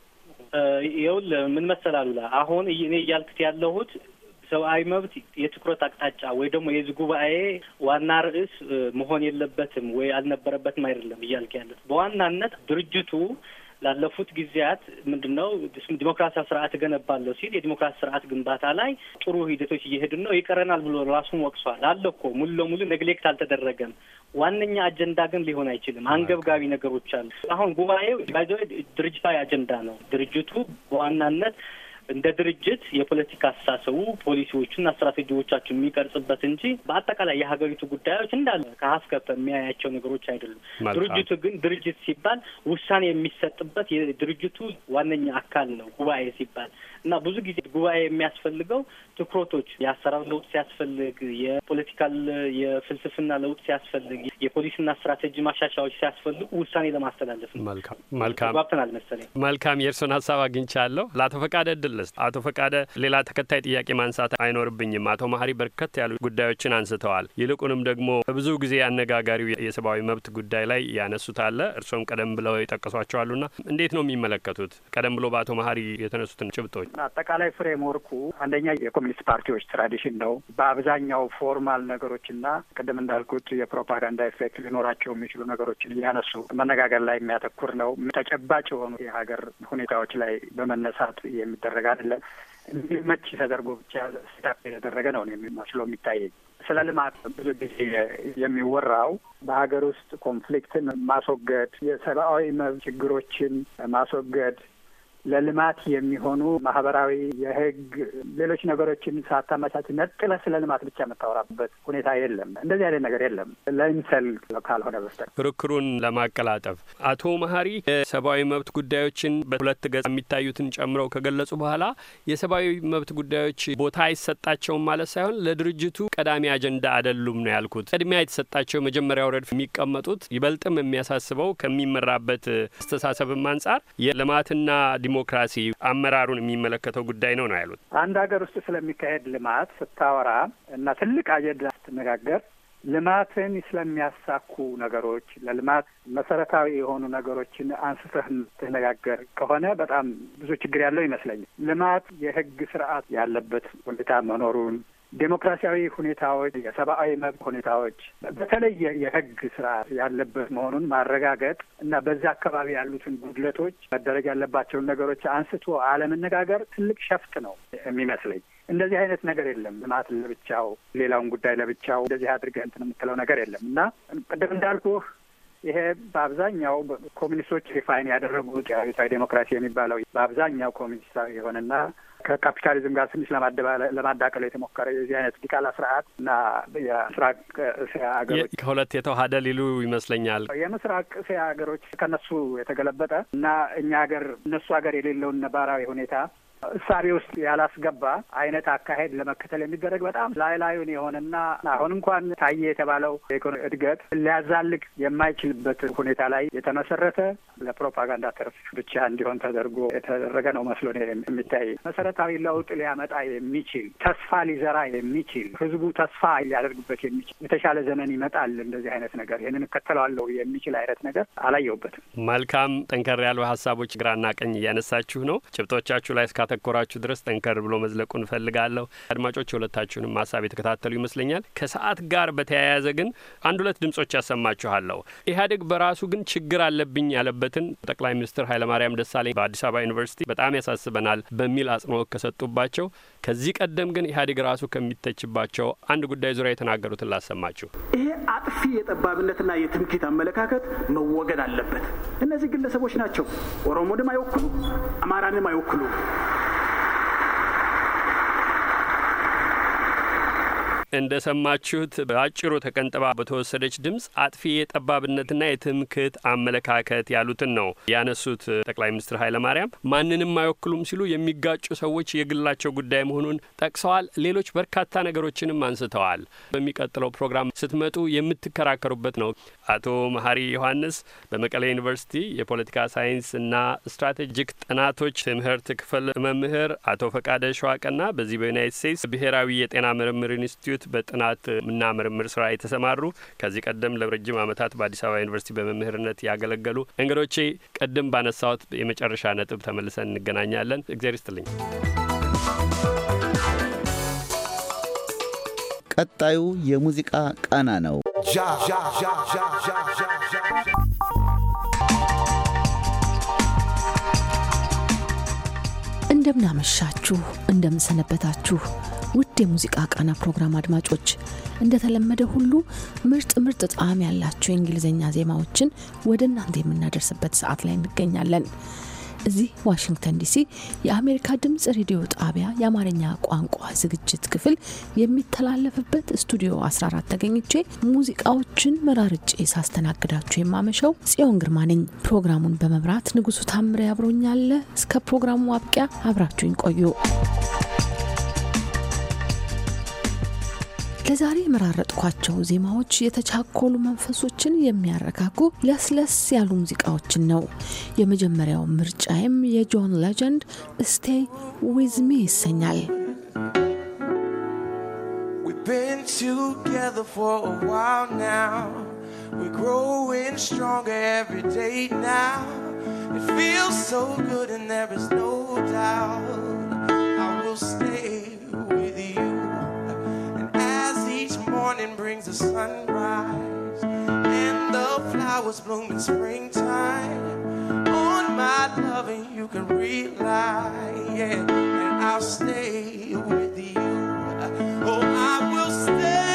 ይኸውልህ ምን መሰል አሁን እኔ እያልክት ያለሁት ሰብአዊ መብት የትኩረት አቅጣጫ ወይ ደግሞ የዚህ ጉባኤ ዋና ርዕስ መሆን የለበትም ወይ አልነበረበትም አይደለም እያልክ ያለት በዋናነት ድርጅቱ ላለፉት ጊዜያት ምንድን ነው ዲሞክራሲያዊ ስርዓት እገነባለሁ ሲል የዲሞክራሲ ስርዓት ግንባታ ላይ ጥሩ ሂደቶች እየሄዱ ነው፣ ይቀረናል ብሎ ራሱን ወቅሷል። አለ እኮ ሙሉ ለሙሉ ነግሌክት አልተደረገም። ዋነኛ አጀንዳ ግን ሊሆን አይችልም። አንገብጋቢ ነገሮች አሉ። አሁን ጉባኤው ባይዘ ድርጅታዊ አጀንዳ ነው። ድርጅቱ በዋናነት እንደ ድርጅት የፖለቲካ አስተሳሰቡ ፖሊሲዎቹና ስትራቴጂዎቻቸው የሚቀርጽበት እንጂ በአጠቃላይ የሀገሪቱ ጉዳዮች እንዳለ ከሀስከፈ የሚያያቸው ነገሮች አይደሉም። ድርጅቱ ግን ድርጅት ሲባል ውሳኔ የሚሰጥበት የድርጅቱ ዋነኛ አካል ነው ጉባኤ ሲባል እና ብዙ ጊዜ ጉባኤ የሚያስፈልገው ትኩረቶች የአሰራር ለውጥ ሲያስፈልግ፣ የፖለቲካል የፍልስፍና ለውጥ ሲያስፈልግ፣ የፖሊስና ስትራቴጂ ማሻሻያዎች ሲያስፈልጉ ውሳኔ ለማስተላለፍ ነው። መልካም መልካም ባብተናል መሰለኝ። መልካም የእርስዎን ሀሳብ አግኝቻለሁ። ለአቶ ፈቃደ ድልስ አቶ ፈቃደ ሌላ ተከታይ ጥያቄ ማንሳት አይኖርብኝም። አቶ መሀሪ በርከት ያሉ ጉዳዮችን አንስተዋል። ይልቁንም ደግሞ ብዙ ጊዜ አነጋጋሪው የሰብአዊ መብት ጉዳይ ላይ ያነሱት አለ። እርስዎም ቀደም ብለው ይጠቀሷቸዋሉና እንዴት ነው የሚመለከቱት? ቀደም ብሎ በአቶ መሀሪ የተነሱትን ጭብጦች አጠቃላይ ፍሬምወርኩ አንደኛ የኮሚኒስት ፓርቲዎች ትራዲሽን ነው። በአብዛኛው ፎርማል ነገሮችና ቅድም እንዳልኩት የፕሮፓጋንዳ ኤፌክት ሊኖራቸው የሚችሉ ነገሮችን እያነሱ መነጋገር ላይ የሚያተኩር ነው። ተጨባጭ የሆኑ የሀገር ሁኔታዎች ላይ በመነሳት የሚደረግ አይደለም። እንዲመች ተደርጎ ብቻ ስታፍ የተደረገ ነው የሚመስለው የሚታየኝ። ስለ ልማት ብዙ ጊዜ የሚወራው በሀገር ውስጥ ኮንፍሊክትን ማስወገድ፣ የሰብአዊ መብት ችግሮችን ማስወገድ፣ ለልማት የሚሆኑ ማህበራዊ፣ የህግ፣ ሌሎች ነገሮችን ሳታመቻች ነጥለ ስለ ልማት ብቻ የምታወራበት ሁኔታ የለም። እንደዚህ አይነት ነገር የለም ለይምሰል ካልሆነ በስተቀር ክርክሩን ለማቀላጠፍ አቶ መሀሪ የሰብአዊ መብት ጉዳዮችን በሁለት ገጽ የሚታዩትን ጨምረው ከገለጹ በኋላ የሰብአዊ መብት ጉዳዮች ቦታ አይሰጣቸውም ማለት ሳይሆን ለድርጅቱ ቀዳሚ አጀንዳ አይደሉም ነው ያልኩት። ቅድሚያ የተሰጣቸው የመጀመሪያው ረድፍ የሚቀመጡት ይበልጥም የሚያሳስበው ከሚመራበት አስተሳሰብም አንጻር የልማትና ዲሞክራሲ አመራሩን የሚመለከተው ጉዳይ ነው ነው ያሉት። አንድ ሀገር ውስጥ ስለሚካሄድ ልማት ስታወራ እና ትልቅ አጀንዳ ስትነጋገር ልማትን ስለሚያሳኩ ነገሮች ለልማት መሰረታዊ የሆኑ ነገሮችን አንስተህ ትነጋገር ከሆነ በጣም ብዙ ችግር ያለው ይመስለኛል። ልማት የህግ ስርዓት ያለበት ሁኔታ መኖሩን ዴሞክራሲያዊ ሁኔታዎች፣ የሰብአዊ መብት ሁኔታዎች በተለየ የህግ ስርዓት ያለበት መሆኑን ማረጋገጥ እና በዛ አካባቢ ያሉትን ጉድለቶች መደረግ ያለባቸውን ነገሮች አንስቶ አለመነጋገር ትልቅ ሸፍጥ ነው የሚመስለኝ። እንደዚህ አይነት ነገር የለም። ልማት ለብቻው፣ ሌላውን ጉዳይ ለብቻው እንደዚህ አድርገህ እንትን የምትለው ነገር የለም እና ቅድም እንዳልኩህ ይሄ በአብዛኛው ኮሚኒስቶች ሪፋይን ያደረጉት አብዮታዊ ዴሞክራሲ የሚባለው በአብዛኛው ኮሚኒስታዊ የሆነና ከካፒታሊዝም ጋር ትንሽ ለማዳቀል የተሞከረ የዚህ አይነት ዲቃላ ስርዓት እና የምስራቅ እስያ ሀገሮች ከሁለት የተዋሃደ ሊሉ ይመስለኛል። የምስራቅ እስያ ሀገሮች ከነሱ የተገለበጠ እና እኛ ሀገር እነሱ ሀገር የሌለውን ነባራዊ ሁኔታ እሳቤ ውስጥ ያላስገባ አይነት አካሄድ ለመከተል የሚደረግ በጣም ላይ ላዩን የሆነና አሁን እንኳን ታየ የተባለው የኢኮኖሚ እድገት ሊያዛልቅ የማይችልበት ሁኔታ ላይ የተመሰረተ ለፕሮፓጋንዳ ተርፍ ብቻ እንዲሆን ተደርጎ የተደረገ ነው መስሎ የሚታይ መሰረታዊ ለውጥ ሊያመጣ የሚችል ተስፋ ሊዘራ የሚችል ህዝቡ ተስፋ ሊያደርግበት የሚችል የተሻለ ዘመን ይመጣል እንደዚህ አይነት ነገር ይህንን እከተለዋለሁ የሚችል አይነት ነገር አላየሁበትም። መልካም ጠንከር ያሉ ሀሳቦች ግራና ቀኝ እያነሳችሁ ነው ጭብጦቻችሁ ላይ እስካ ካተኮራችሁ ድረስ ጠንከር ብሎ መዝለቁ እንፈልጋለሁ አድማጮች የሁለታችሁንም ሀሳብ የተከታተሉ ይመስለኛል። ከሰዓት ጋር በተያያዘ ግን አንድ ሁለት ድምጾች ያሰማችኋለሁ። ኢህአዴግ በራሱ ግን ችግር አለብኝ ያለበትን ጠቅላይ ሚኒስትር ኃይለማርያም ደሳለኝ በአዲስ አበባ ዩኒቨርሲቲ በጣም ያሳስበናል በሚል አጽንኦት ከሰጡባቸው ከዚህ ቀደም ግን ኢህአዴግ ራሱ ከሚተችባቸው አንድ ጉዳይ ዙሪያ የተናገሩትን ላሰማችሁ። ይሄ አጥፊ የጠባብነትና የትምክህት አመለካከት መወገድ አለበት። እነዚህ ግለሰቦች ናቸው ኦሮሞንም አይወክሉ፣ አማራንም አይወክሉ። እንደ ሰማችሁት በአጭሩ ተቀንጥባ በተወሰደች ድምፅ አጥፊ የጠባብነትና የትምክህት አመለካከት ያሉትን ነው ያነሱት ጠቅላይ ሚኒስትር ኃይለማርያም ማንንም አይወክሉም ሲሉ የሚጋጩ ሰዎች የግላቸው ጉዳይ መሆኑን ጠቅሰዋል። ሌሎች በርካታ ነገሮችንም አንስተዋል። በሚቀጥለው ፕሮግራም ስትመጡ የምትከራከሩበት ነው። አቶ መሀሪ ዮሐንስ በመቀለ ዩኒቨርሲቲ የፖለቲካ ሳይንስና ስትራቴጂክ ጥናቶች ትምህርት ክፍል መምህር፣ አቶ ፈቃደ ሸዋቀና በዚህ በዩናይት ስቴትስ ብሔራዊ የጤና ምርምር ኢንስቲትዩት ያሉት በጥናት ምና ምርምር ስራ የተሰማሩ ከዚህ ቀደም ለረጅም ዓመታት በአዲስ አበባ ዩኒቨርሲቲ በመምህርነት ያገለገሉ እንግዶቼ፣ ቀደም ባነሳሁት የመጨረሻ ነጥብ ተመልሰን እንገናኛለን። እግዜር ይስጥልኝ። ቀጣዩ የሙዚቃ ቃና ነው። እንደምናመሻችሁ እንደምንሰነበታችሁ ውድ የሙዚቃ ቃና ፕሮግራም አድማጮች እንደተለመደ ሁሉ ምርጥ ምርጥ ጣዕም ያላቸው የእንግሊዝኛ ዜማዎችን ወደ እናንተ የምናደርስበት ሰዓት ላይ እንገኛለን። እዚህ ዋሽንግተን ዲሲ የአሜሪካ ድምፅ ሬዲዮ ጣቢያ የአማርኛ ቋንቋ ዝግጅት ክፍል የሚተላለፍበት ስቱዲዮ 14 ተገኝቼ ሙዚቃዎችን መራርጬ ሳስተናግዳችሁ የማመሸው ጽዮን ግርማ ነኝ። ፕሮግራሙን በመብራት ንጉሱ ታምሬ አብሮኛለ። እስከ ፕሮግራሙ አብቂያ አብራችሁኝ ቆዩ። ለዛሬ የመራረጥኳቸው ዜማዎች የተቻኮሉ መንፈሶችን የሚያረጋጉ ለስለስ ያሉ ሙዚቃዎችን ነው። የመጀመሪያው ምርጫይም የጆን ሌጀንድ ስቴይ ዊዝሚ ይሰኛል። We're growing stronger every morning brings the sunrise and the flowers bloom in springtime. On my loving, you can rely, yeah, and I'll stay with you. Oh, I will stay.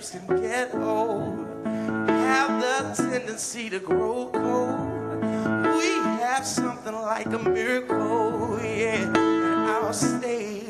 lips and get old have the tendency to grow cold. We have something like a miracle, yeah. And I'll stay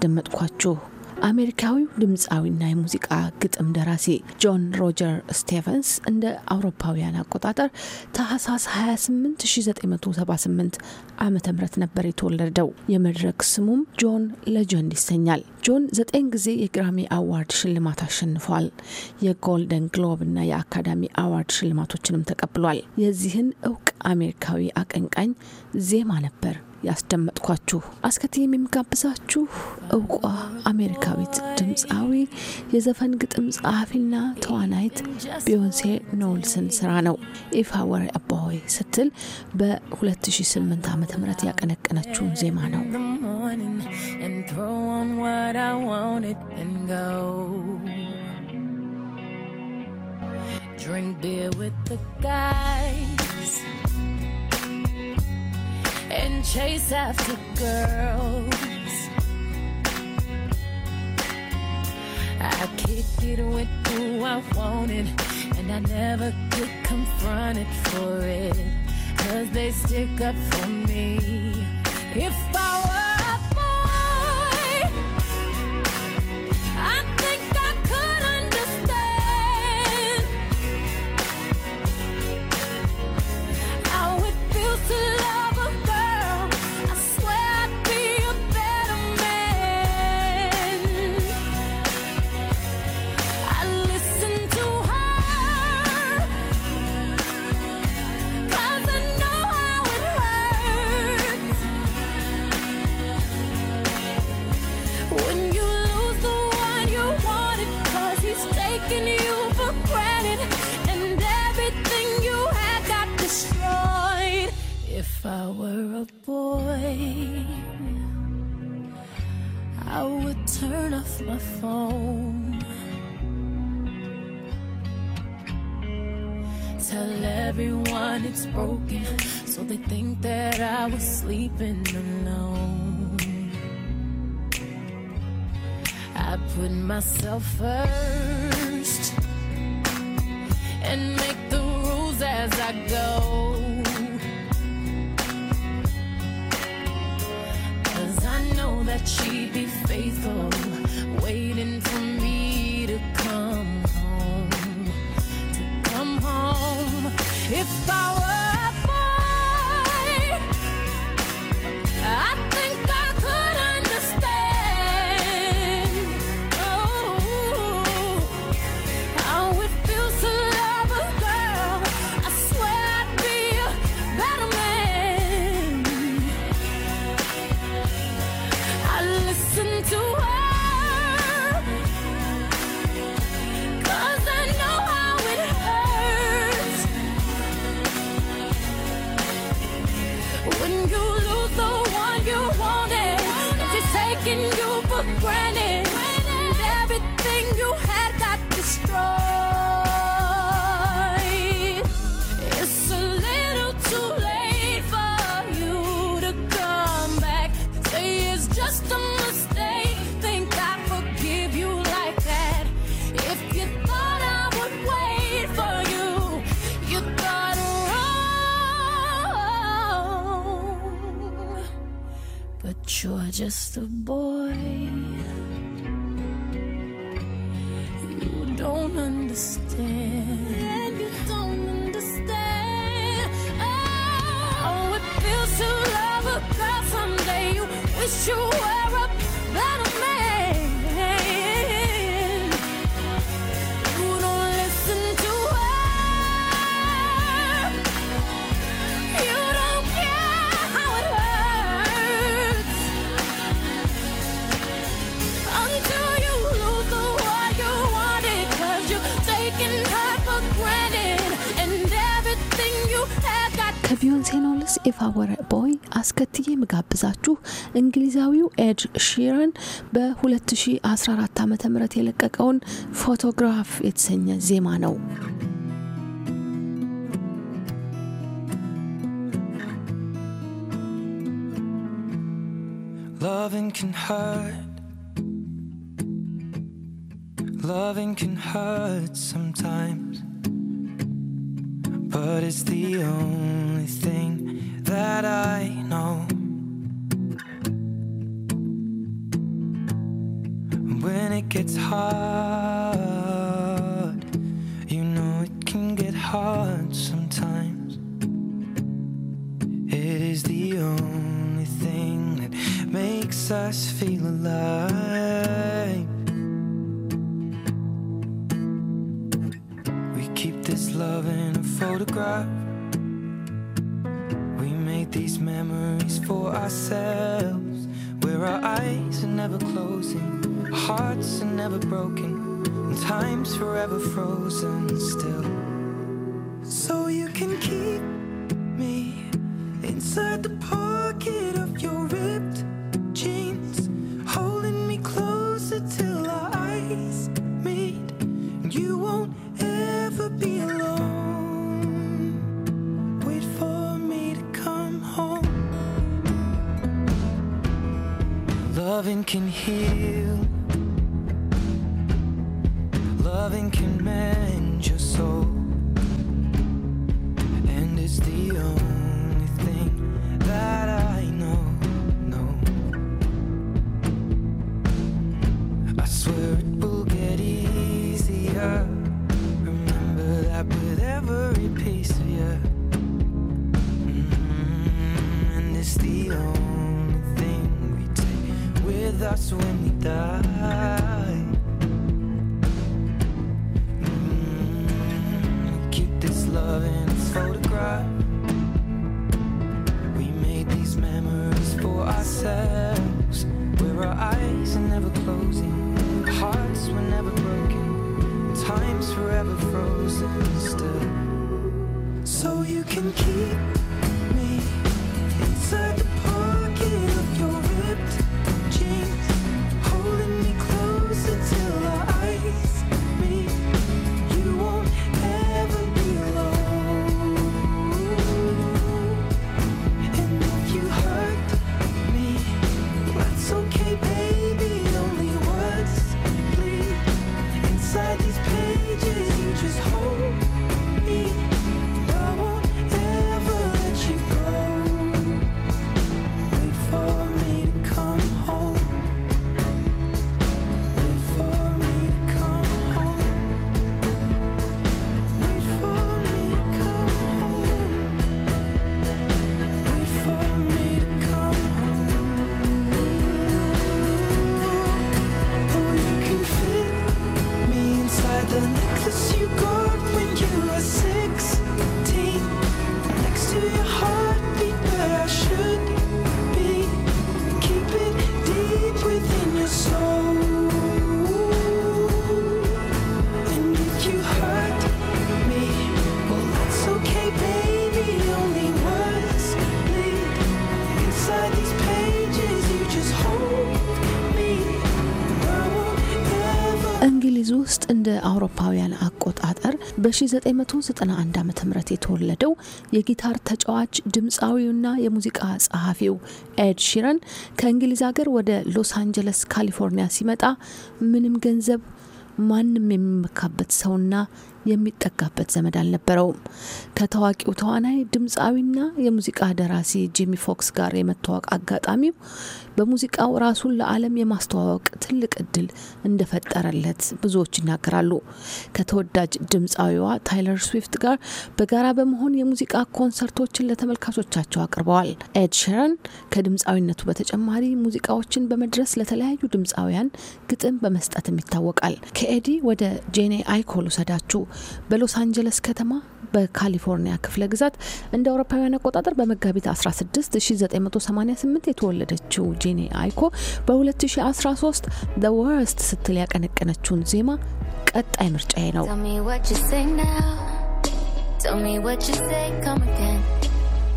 ያስደመጥኳችሁ አሜሪካዊው ድምፃዊና የሙዚቃ ግጥም ደራሲ ጆን ሮጀር ስቴቨንስ እንደ አውሮፓውያን አቆጣጠር ታህሳስ 28 1978 ዓ ም ነበር የተወለደው። የመድረክ ስሙም ጆን ሌጀንድ ይሰኛል። ጆን ዘጠኝ ጊዜ የግራሚ አዋርድ ሽልማት አሸንፏል። የጎልደን ግሎብ እና የአካዳሚ አዋርድ ሽልማቶችንም ተቀብሏል። የዚህን እውቅ አሜሪካዊ አቀንቃኝ ዜማ ነበር ያስደመጥኳችሁ። አስከትዬም የሚጋብዛችሁ እውቋ አሜሪካዊት ድምፃዊ የዘፈን ግጥም ጸሐፊና ተዋናይት ቢዮንሴ ኖልስን ስራ ነው። ኢፍ ወር ስትል በ2008 ዓ ም ያቀነቀነችውን ዜማ ነው። Drink beer with the guys and chase after girls. I kick it with who I wanted, and I never get confronted for it. Cause they stick up for me. If I were were a boy, I would turn off my phone. Tell everyone it's broken, so they think that I was sleeping alone. I put myself first and make the rules as I go. that she'd be faithful, waiting for me to come home, to come home. If I just a boy. You don't understand. you don't understand. Oh, it feels to love a girl someday. You wish you were a ቢዮንሴ ሴኖልስ ኢፍ አይ ቦይ አስከትዬ የምጋብዛችሁ እንግሊዛዊው ኤድ ሺረን በ2014 ዓ ም የለቀቀውን ፎቶግራፍ የተሰኘ ዜማ ነው። Loving can hurt. Loving can hurt sometimes. but it's the only thing that I know. When it gets hard, you know it can get hard sometimes. It is the only thing that makes us feel alive. photograph We made these memories for ourselves Where our eyes are never closing our Hearts are never broken And time's forever frozen still So you can keep me Inside the post በ1991 ዓ ም የተወለደው የጊታር ተጫዋች ድምፃዊውና የሙዚቃ ጸሐፊው ኤድ ሺረን ከእንግሊዝ ሀገር ወደ ሎስ አንጀለስ ካሊፎርኒያ ሲመጣ ምንም ገንዘብ ማንም የሚመካበት ሰውና የሚጠጋበት ዘመድ አልነበረውም። ከታዋቂው ተዋናይ ድምፃዊና የሙዚቃ ደራሲ ጂሚ ፎክስ ጋር የመተዋወቅ አጋጣሚው በሙዚቃው ራሱን ለዓለም የማስተዋወቅ ትልቅ እድል እንደፈጠረለት ብዙዎች ይናገራሉ። ከተወዳጅ ድምፃዊዋ ታይለር ስዊፍት ጋር በጋራ በመሆን የሙዚቃ ኮንሰርቶችን ለተመልካቾቻቸው አቅርበዋል። ኤድ ሸረን ከድምፃዊነቱ በተጨማሪ ሙዚቃዎችን በመድረስ ለተለያዩ ድምፃውያን ግጥም በመስጠትም ይታወቃል። ከኤዲ ወደ ጄኔ አይኮል ውሰዳችሁ በሎስ አንጀለስ ከተማ በካሊፎርኒያ ክፍለ ግዛት እንደ አውሮፓውያን አቆጣጠር በመጋቢት 16 1988 የተወለደችው ጄኒ አይኮ በ2013 ዘ ወርስት ስትል ያቀነቀነችውን ዜማ ቀጣይ ምርጫዬ ነው። Tell me what you say, come again.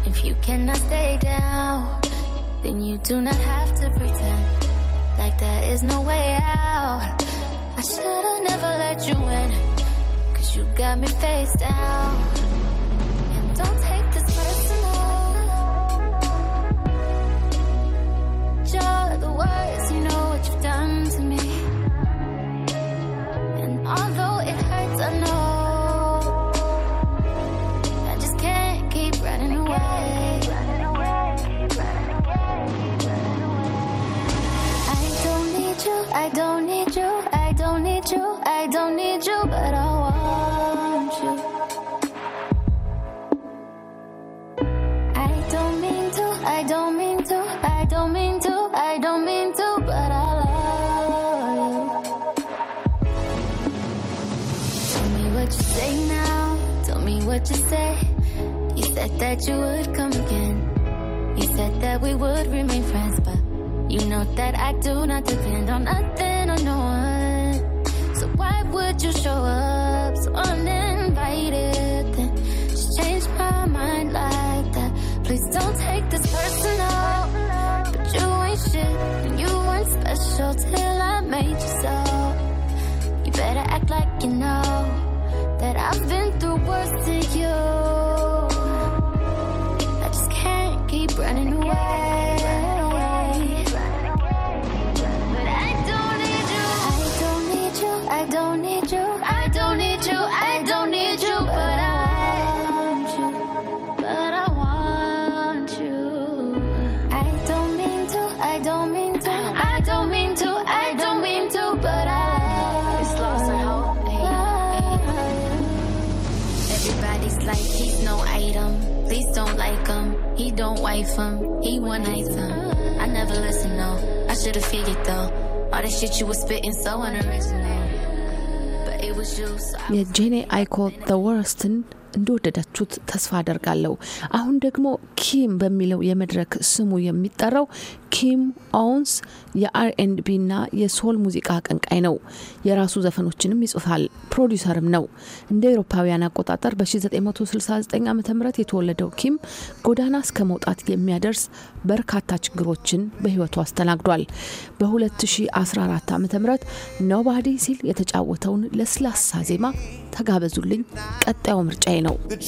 If you cannot stay down, then you do not have to pretend like there is no way out. I should've never let you in. you got me face down And don't take this personal You're the worst, you know you said that you would come again. You said that we would remain friends, but you know that I do not depend on nothing or no one. So why would you show up so uninvited? Then just change my mind like that. Please don't take this personal, but you ain't shit and you weren't special till I made you so. You better act like you know that I've been through to you. I just can't keep running away. don't wife him, he one night him. I never listen, no. I should've figured though. All the shit you was spitting so unoriginal. But it was you, so Yeah, Jenny, I called the worst. And እንደወደዳችሁት ተስፋ አደርጋለሁ። አሁን ደግሞ ኪም በሚለው የመድረክ ስሙ የሚጠራው ኪም ኦውንስ የአርኤንቢ እና የሶል ሙዚቃ አቀንቃይ ነው። የራሱ ዘፈኖችንም ይጽፋል፣ ፕሮዲሰርም ነው። እንደ አውሮፓውያን አቆጣጠር በ1969 ዓ ም የተወለደው ኪም ጎዳና እስከ መውጣት የሚያደርስ በርካታ ችግሮችን በህይወቱ አስተናግዷል። በ2014 ዓ ም ኖባዲ ሲል የተጫወተውን ለስላሳ ዜማ ተጋበዙልኝ። ቀጣዩ ምርጫዬ ነው። Cause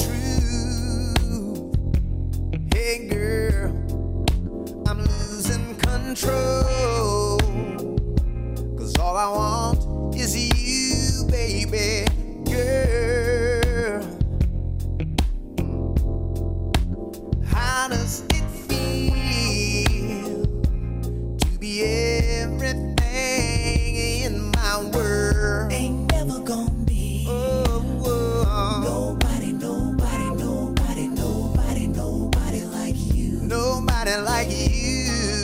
everything in my world? Ain't never gone. nobody like you.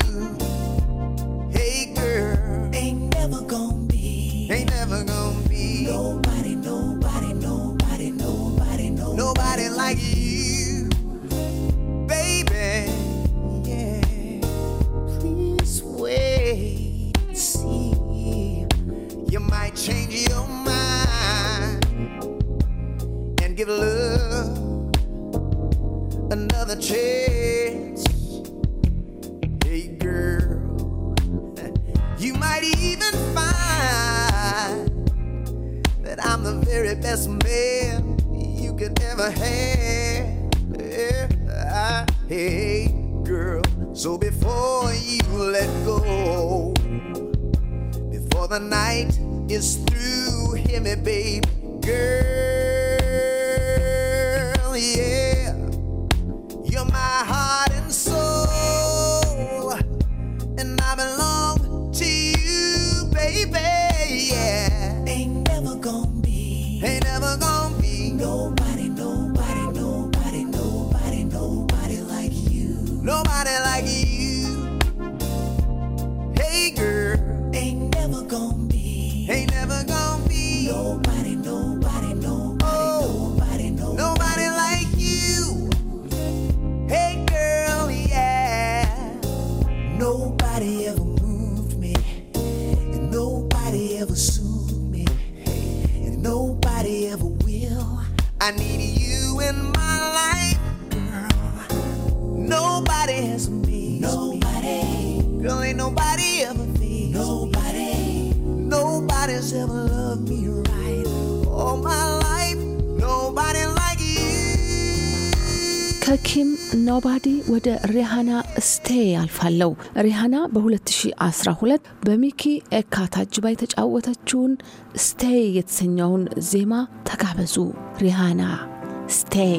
Hey girl, ain't never gonna be, ain't never gonna be nobody, nobody, nobody, nobody, nobody, nobody like you, baby. Yeah, please wait and see. You might change your mind and give love another chance. very best man you could ever have. Yeah, I hate girl. So before you let go, before the night is through, hear me, babe, girl, yeah. ኪም ኖባዲ ወደ ሪሃና ስቴ ያልፋለው። ሪሃና በ2012 በሚኪ ኤካ ታጅባ የተጫወተችውን ስቴይ የተሰኘውን ዜማ ተጋበዙ። ሪሃና ስቴይ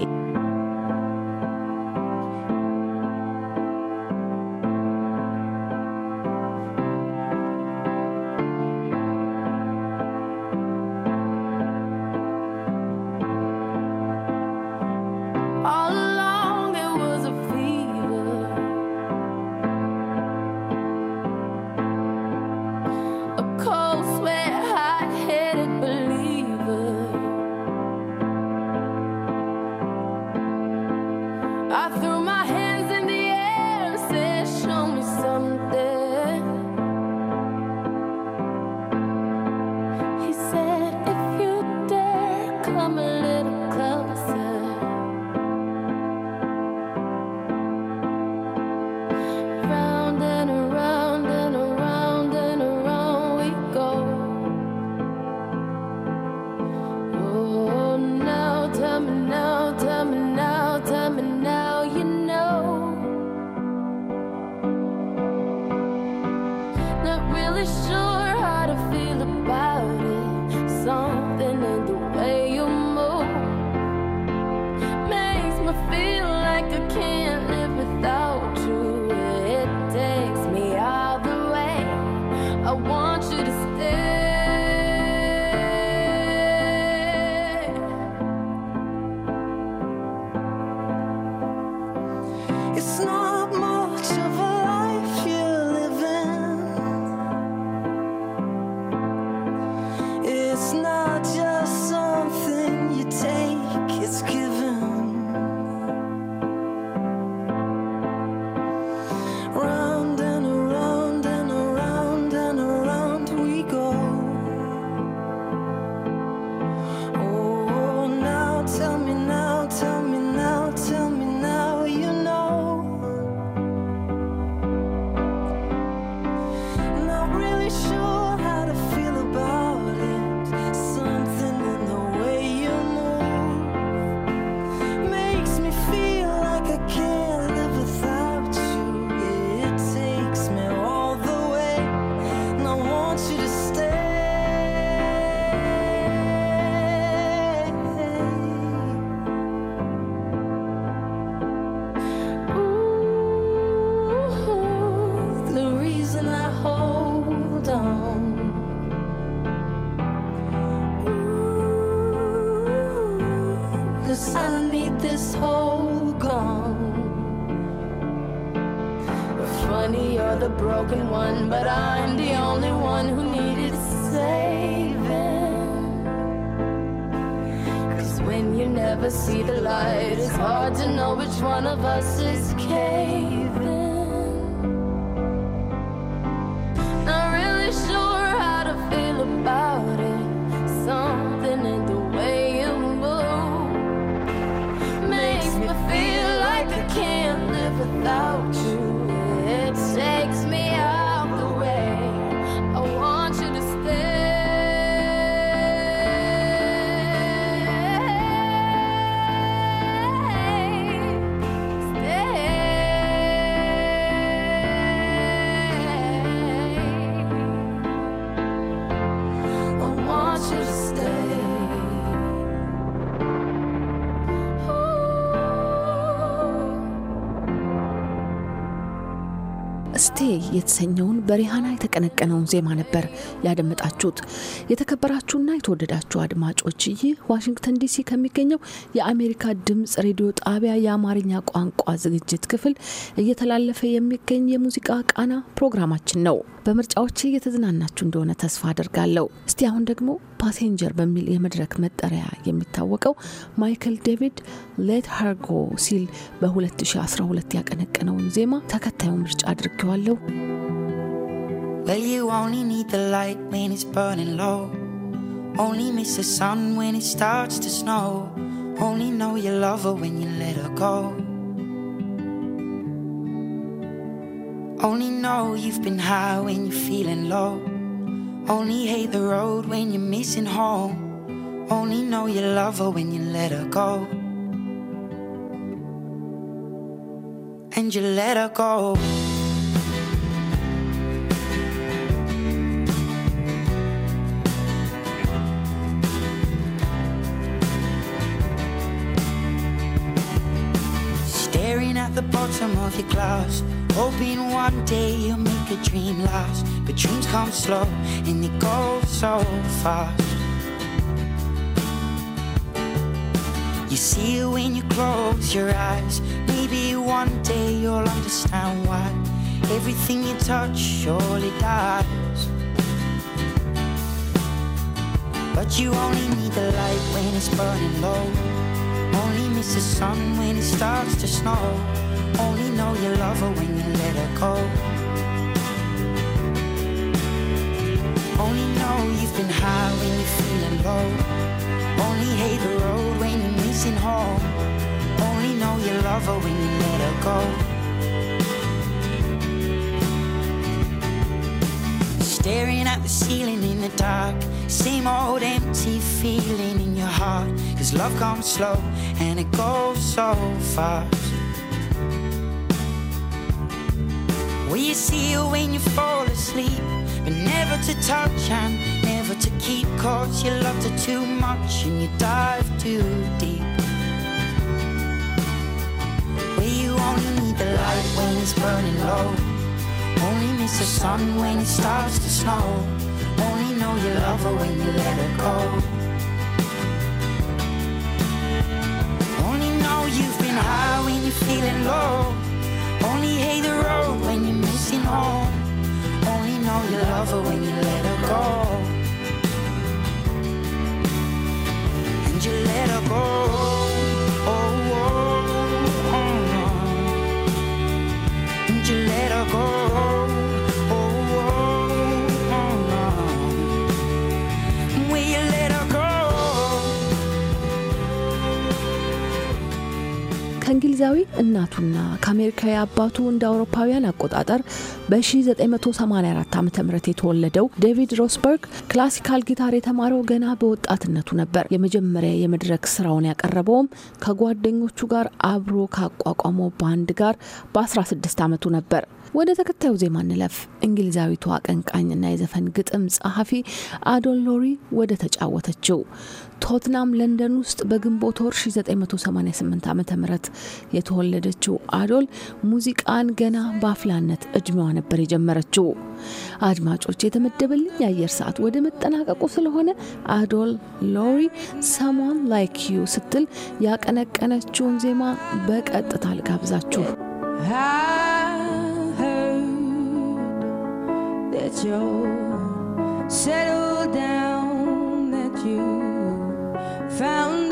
የተሰኘውን በሪሃና የተቀነቀነውን ዜማ ነበር ያደመጣችሁት። የተከበራችሁና የተወደዳችሁ አድማጮች ይህ ዋሽንግተን ዲሲ ከሚገኘው የአሜሪካ ድምጽ ሬዲዮ ጣቢያ የአማርኛ ቋንቋ ዝግጅት ክፍል እየተላለፈ የሚገኝ የሙዚቃ ቃና ፕሮግራማችን ነው። በምርጫዎች እየተዝናናችሁ እንደሆነ ተስፋ አድርጋለሁ እስቲ አሁን ደግሞ ፓሴንጀር በሚል የመድረክ መጠሪያ የሚታወቀው ማይክል ዴቪድ ሌት ሃርጎ ሲል በ2012 ያቀነቀነውን ዜማ ተከታዩ ምርጫ አድርጌዋለሁ። Well, you only need the light when it's burning low. Only miss the sun when it starts to snow. Only know you love her when you let her go. Only know you've been high when you're feeling low. Only hate the road when you're missing home. Only know you love her when you let her go. And you let her go. borrowed some of your clouds. Hoping one day you'll make a dream last. But dreams come slow and they go so fast. You see it when you close your eyes. Maybe one day you'll understand why everything you touch surely dies. But you only need the light when it's burning low. Only miss the sun when it starts to snow. Only know you love her when you let her go. Only know you've been high when you're feeling low. Only hate the road when you're missing home. Only know you love her when you let her go. Staring at the ceiling in the dark. Same old empty feeling in your heart. Cause love comes slow and it goes so fast. you see her when you fall asleep? But never to touch and never to keep Cause you loved her too much and you dive too deep Where you only need the light when it's burning low Only miss the sun when it starts to snow Only know you love her when you let her go Only know you've been high when you're feeling low only hate the road when you're missing home. Only know you love her when you let her go. And you let her go. Oh, oh, oh, oh. And you let her go. ከእንግሊዛዊ እናቱና ከአሜሪካዊ አባቱ እንደ አውሮፓውያን አቆጣጠር በ1984 ዓ ም የተወለደው ዴቪድ ሮስበርግ ክላሲካል ጊታር የተማረው ገና በወጣትነቱ ነበር። የመጀመሪያ የመድረክ ስራውን ያቀረበውም ከጓደኞቹ ጋር አብሮ ካቋቋመው ባንድ ጋር በ16 ዓመቱ ነበር። ወደ ተከታዩ ዜማ እንለፍ። እንግሊዛዊቱ አቀንቃኝና የዘፈን ግጥም ጸሐፊ አዶን ሎሪ ወደ ተጫወተችው ቶትናም ለንደን ውስጥ በግንቦት ወር 1988 ዓ ም የተወለደችው አዶል ሙዚቃን ገና በአፍላነት እድሜዋ ነበር የጀመረችው። አድማጮች፣ የተመደበልኝ የአየር ሰዓት ወደ መጠናቀቁ ስለሆነ አዶል ሎሪ ሰሞን ላይክ ዩ ስትል ያቀነቀነችውን ዜማ በቀጥታ ልጋብዛችሁ። settle down that you found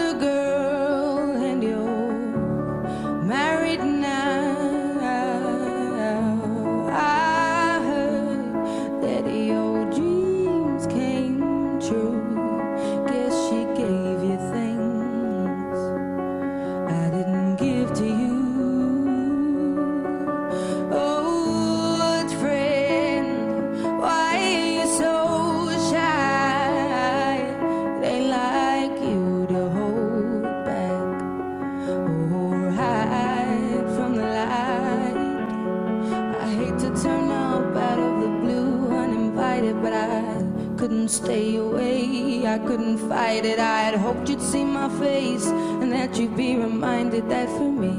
stay away. I couldn't fight it. I had hoped you'd see my face and that you'd be reminded that for me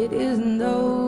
it isn't over.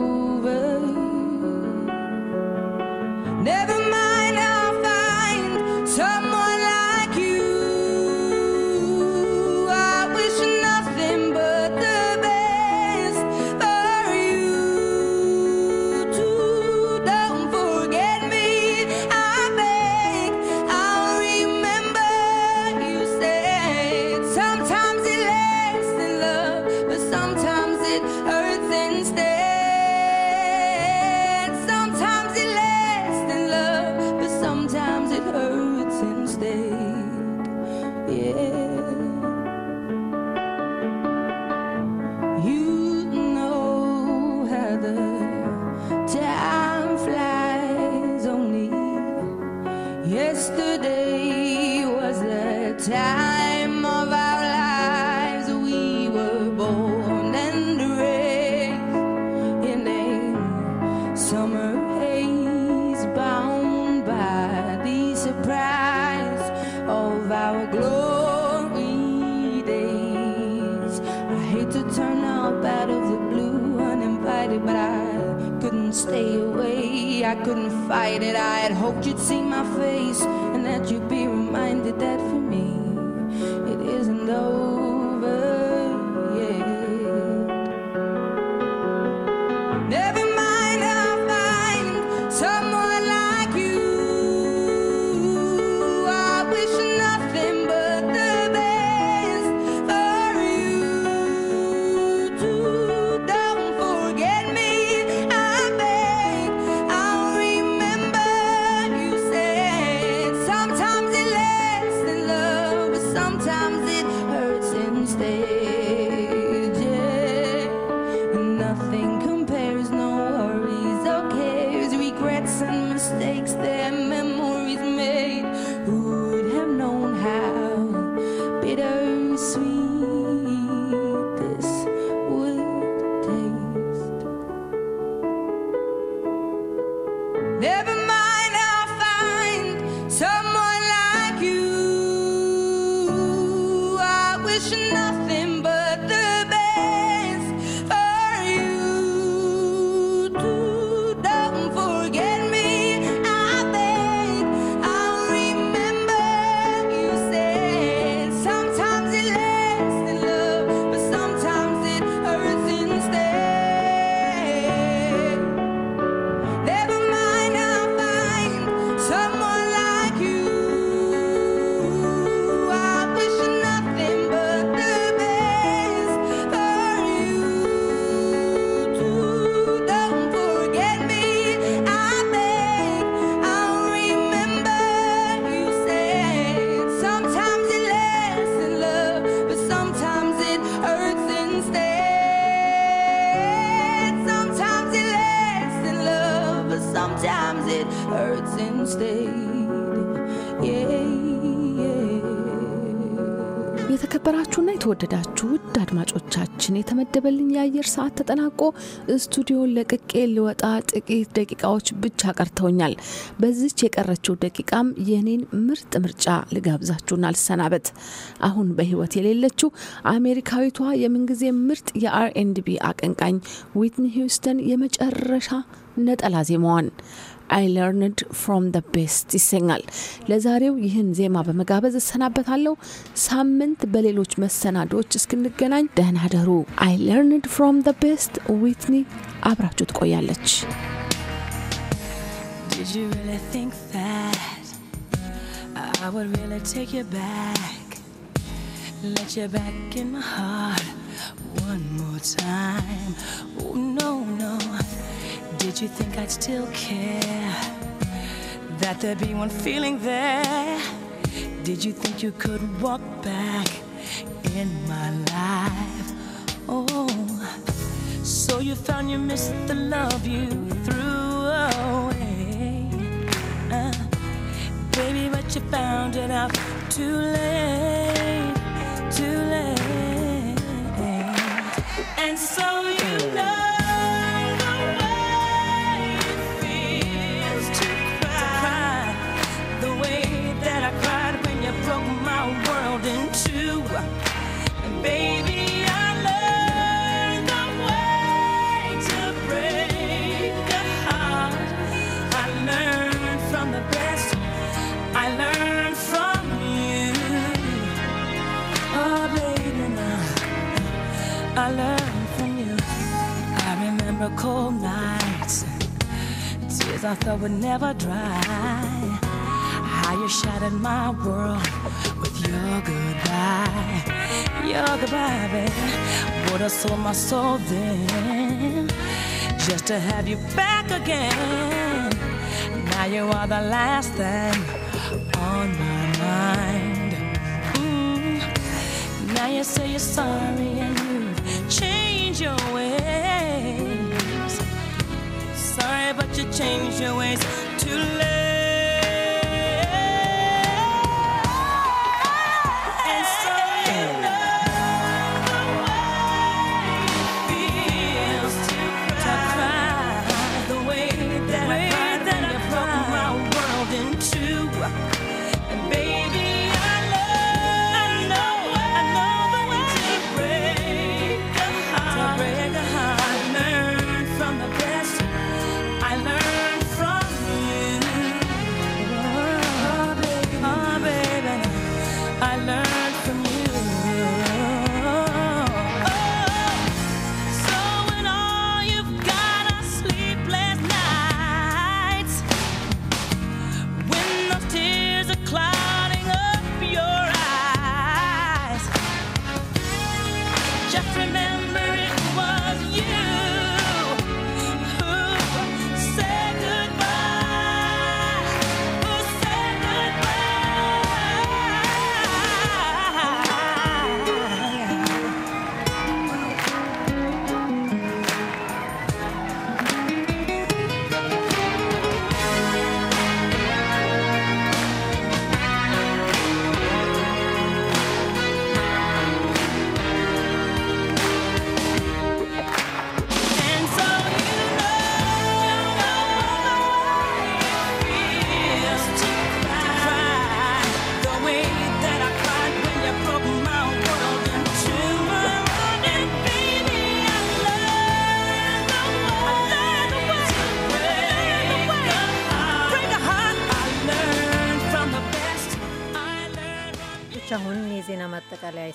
የተወደዳችሁ ውድ አድማጮቻችን የተመደበልኝ የአየር ሰዓት ተጠናቆ ስቱዲዮን ለቅቄ ልወጣ ጥቂት ደቂቃዎች ብቻ ቀርተውኛል። በዚች የቀረችው ደቂቃም የኔን ምርጥ ምርጫ ልጋብዛችሁና ልሰናበት። አሁን በህይወት የሌለችው አሜሪካዊቷ የምንጊዜ ምርጥ የአርኤንድቢ አቀንቃኝ ዊትኒ ሂውስተን የመጨረሻ ነጠላ ዜማዋን አይ ለርንድ ፍሮም ደ ቤስት ይሰኛል። ለዛሬው ይህን ዜማ በመጋበዝ እሰናበታለሁ። ሳምንት በሌሎች መሰናዶዎች እስክንገናኝ ደህና ደሩ። አይ ለርንድ ፍሮም ደ ቤስት ዊትኒ አብራችሁ ትቆያለች። Did you really think that I would really take you back? Let you back in my heart one more time. Oh, no, no. Did you think I'd still care? That there'd be one feeling there? Did you think you could walk back in my life? Oh, so you found you missed the love you threw away. Uh, baby, but you found it out too late, too late. And so miracle nights Tears I thought would never dry How you shattered my world With your goodbye Your goodbye, babe What have sold my soul then Just to have you back again Now you are the last thing on my mind mm. Now you say you're sorry and you change your way but you changed your ways too late.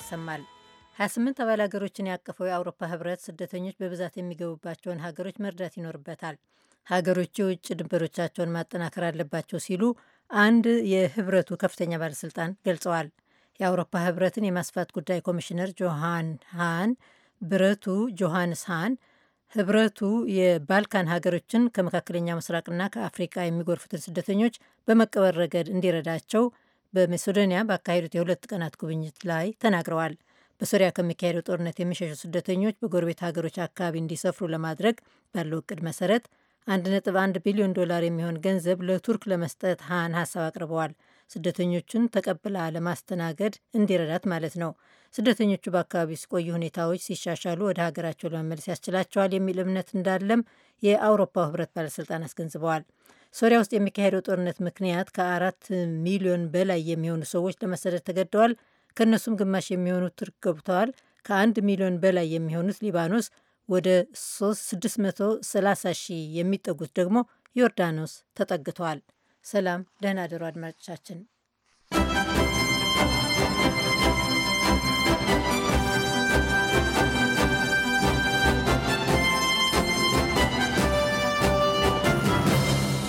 ይሰማል። 28 አባል ሀገሮችን ያቀፈው የአውሮፓ ህብረት ስደተኞች በብዛት የሚገቡባቸውን ሀገሮች መርዳት ይኖርበታል። ሀገሮች የውጭ ድንበሮቻቸውን ማጠናከር አለባቸው ሲሉ አንድ የህብረቱ ከፍተኛ ባለስልጣን ገልጸዋል። የአውሮፓ ህብረትን የማስፋት ጉዳይ ኮሚሽነር ጆሃን ሃን ብረቱ ጆሃንስ ሃን ህብረቱ የባልካን ሀገሮችን ከመካከለኛ ምስራቅና ከአፍሪቃ የሚጎርፉትን ስደተኞች በመቀበል ረገድ እንዲረዳቸው በሜሶዶኒያ ባካሄዱት የሁለት ቀናት ጉብኝት ላይ ተናግረዋል። በሶሪያ ከሚካሄደው ጦርነት የሚሸሹ ስደተኞች በጎረቤት ሀገሮች አካባቢ እንዲሰፍሩ ለማድረግ ባለው እቅድ መሰረት 1.1 ቢሊዮን ዶላር የሚሆን ገንዘብ ለቱርክ ለመስጠት ሀን ሀሳብ አቅርበዋል። ስደተኞቹን ተቀብላ ለማስተናገድ እንዲረዳት ማለት ነው። ስደተኞቹ በአካባቢው ሲቆዩ ሁኔታዎች ሲሻሻሉ ወደ ሀገራቸው ለመመለስ ያስችላቸዋል የሚል እምነት እንዳለም የአውሮፓው ህብረት ባለስልጣን አስገንዝበዋል። ሶሪያ ውስጥ የሚካሄደው ጦርነት ምክንያት ከአራት ሚሊዮን በላይ የሚሆኑ ሰዎች ለመሰደድ ተገደዋል። ከእነሱም ግማሽ የሚሆኑት ቱርክ ገብተዋል። ከአንድ ሚሊዮን በላይ የሚሆኑት ሊባኖስ፣ ወደ 630 ሺህ የሚጠጉት ደግሞ ዮርዳኖስ ተጠግተዋል። ሰላም፣ ደህና ደሩ አድማጮቻችን።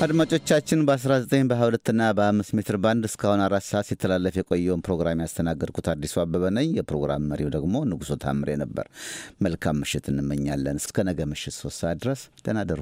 አድማጮቻችን በ19 በ22ና በ5 ሜትር ባንድ እስካሁን አራት ሰዓት ሲተላለፍ የቆየውን ፕሮግራም ያስተናገድኩት አዲሱ አበበ ነኝ። የፕሮግራም መሪው ደግሞ ንጉሶ ታምሬ ነበር። መልካም ምሽት እንመኛለን። እስከ ነገ ምሽት ሶስት ሰዓት ድረስ ደናደሩ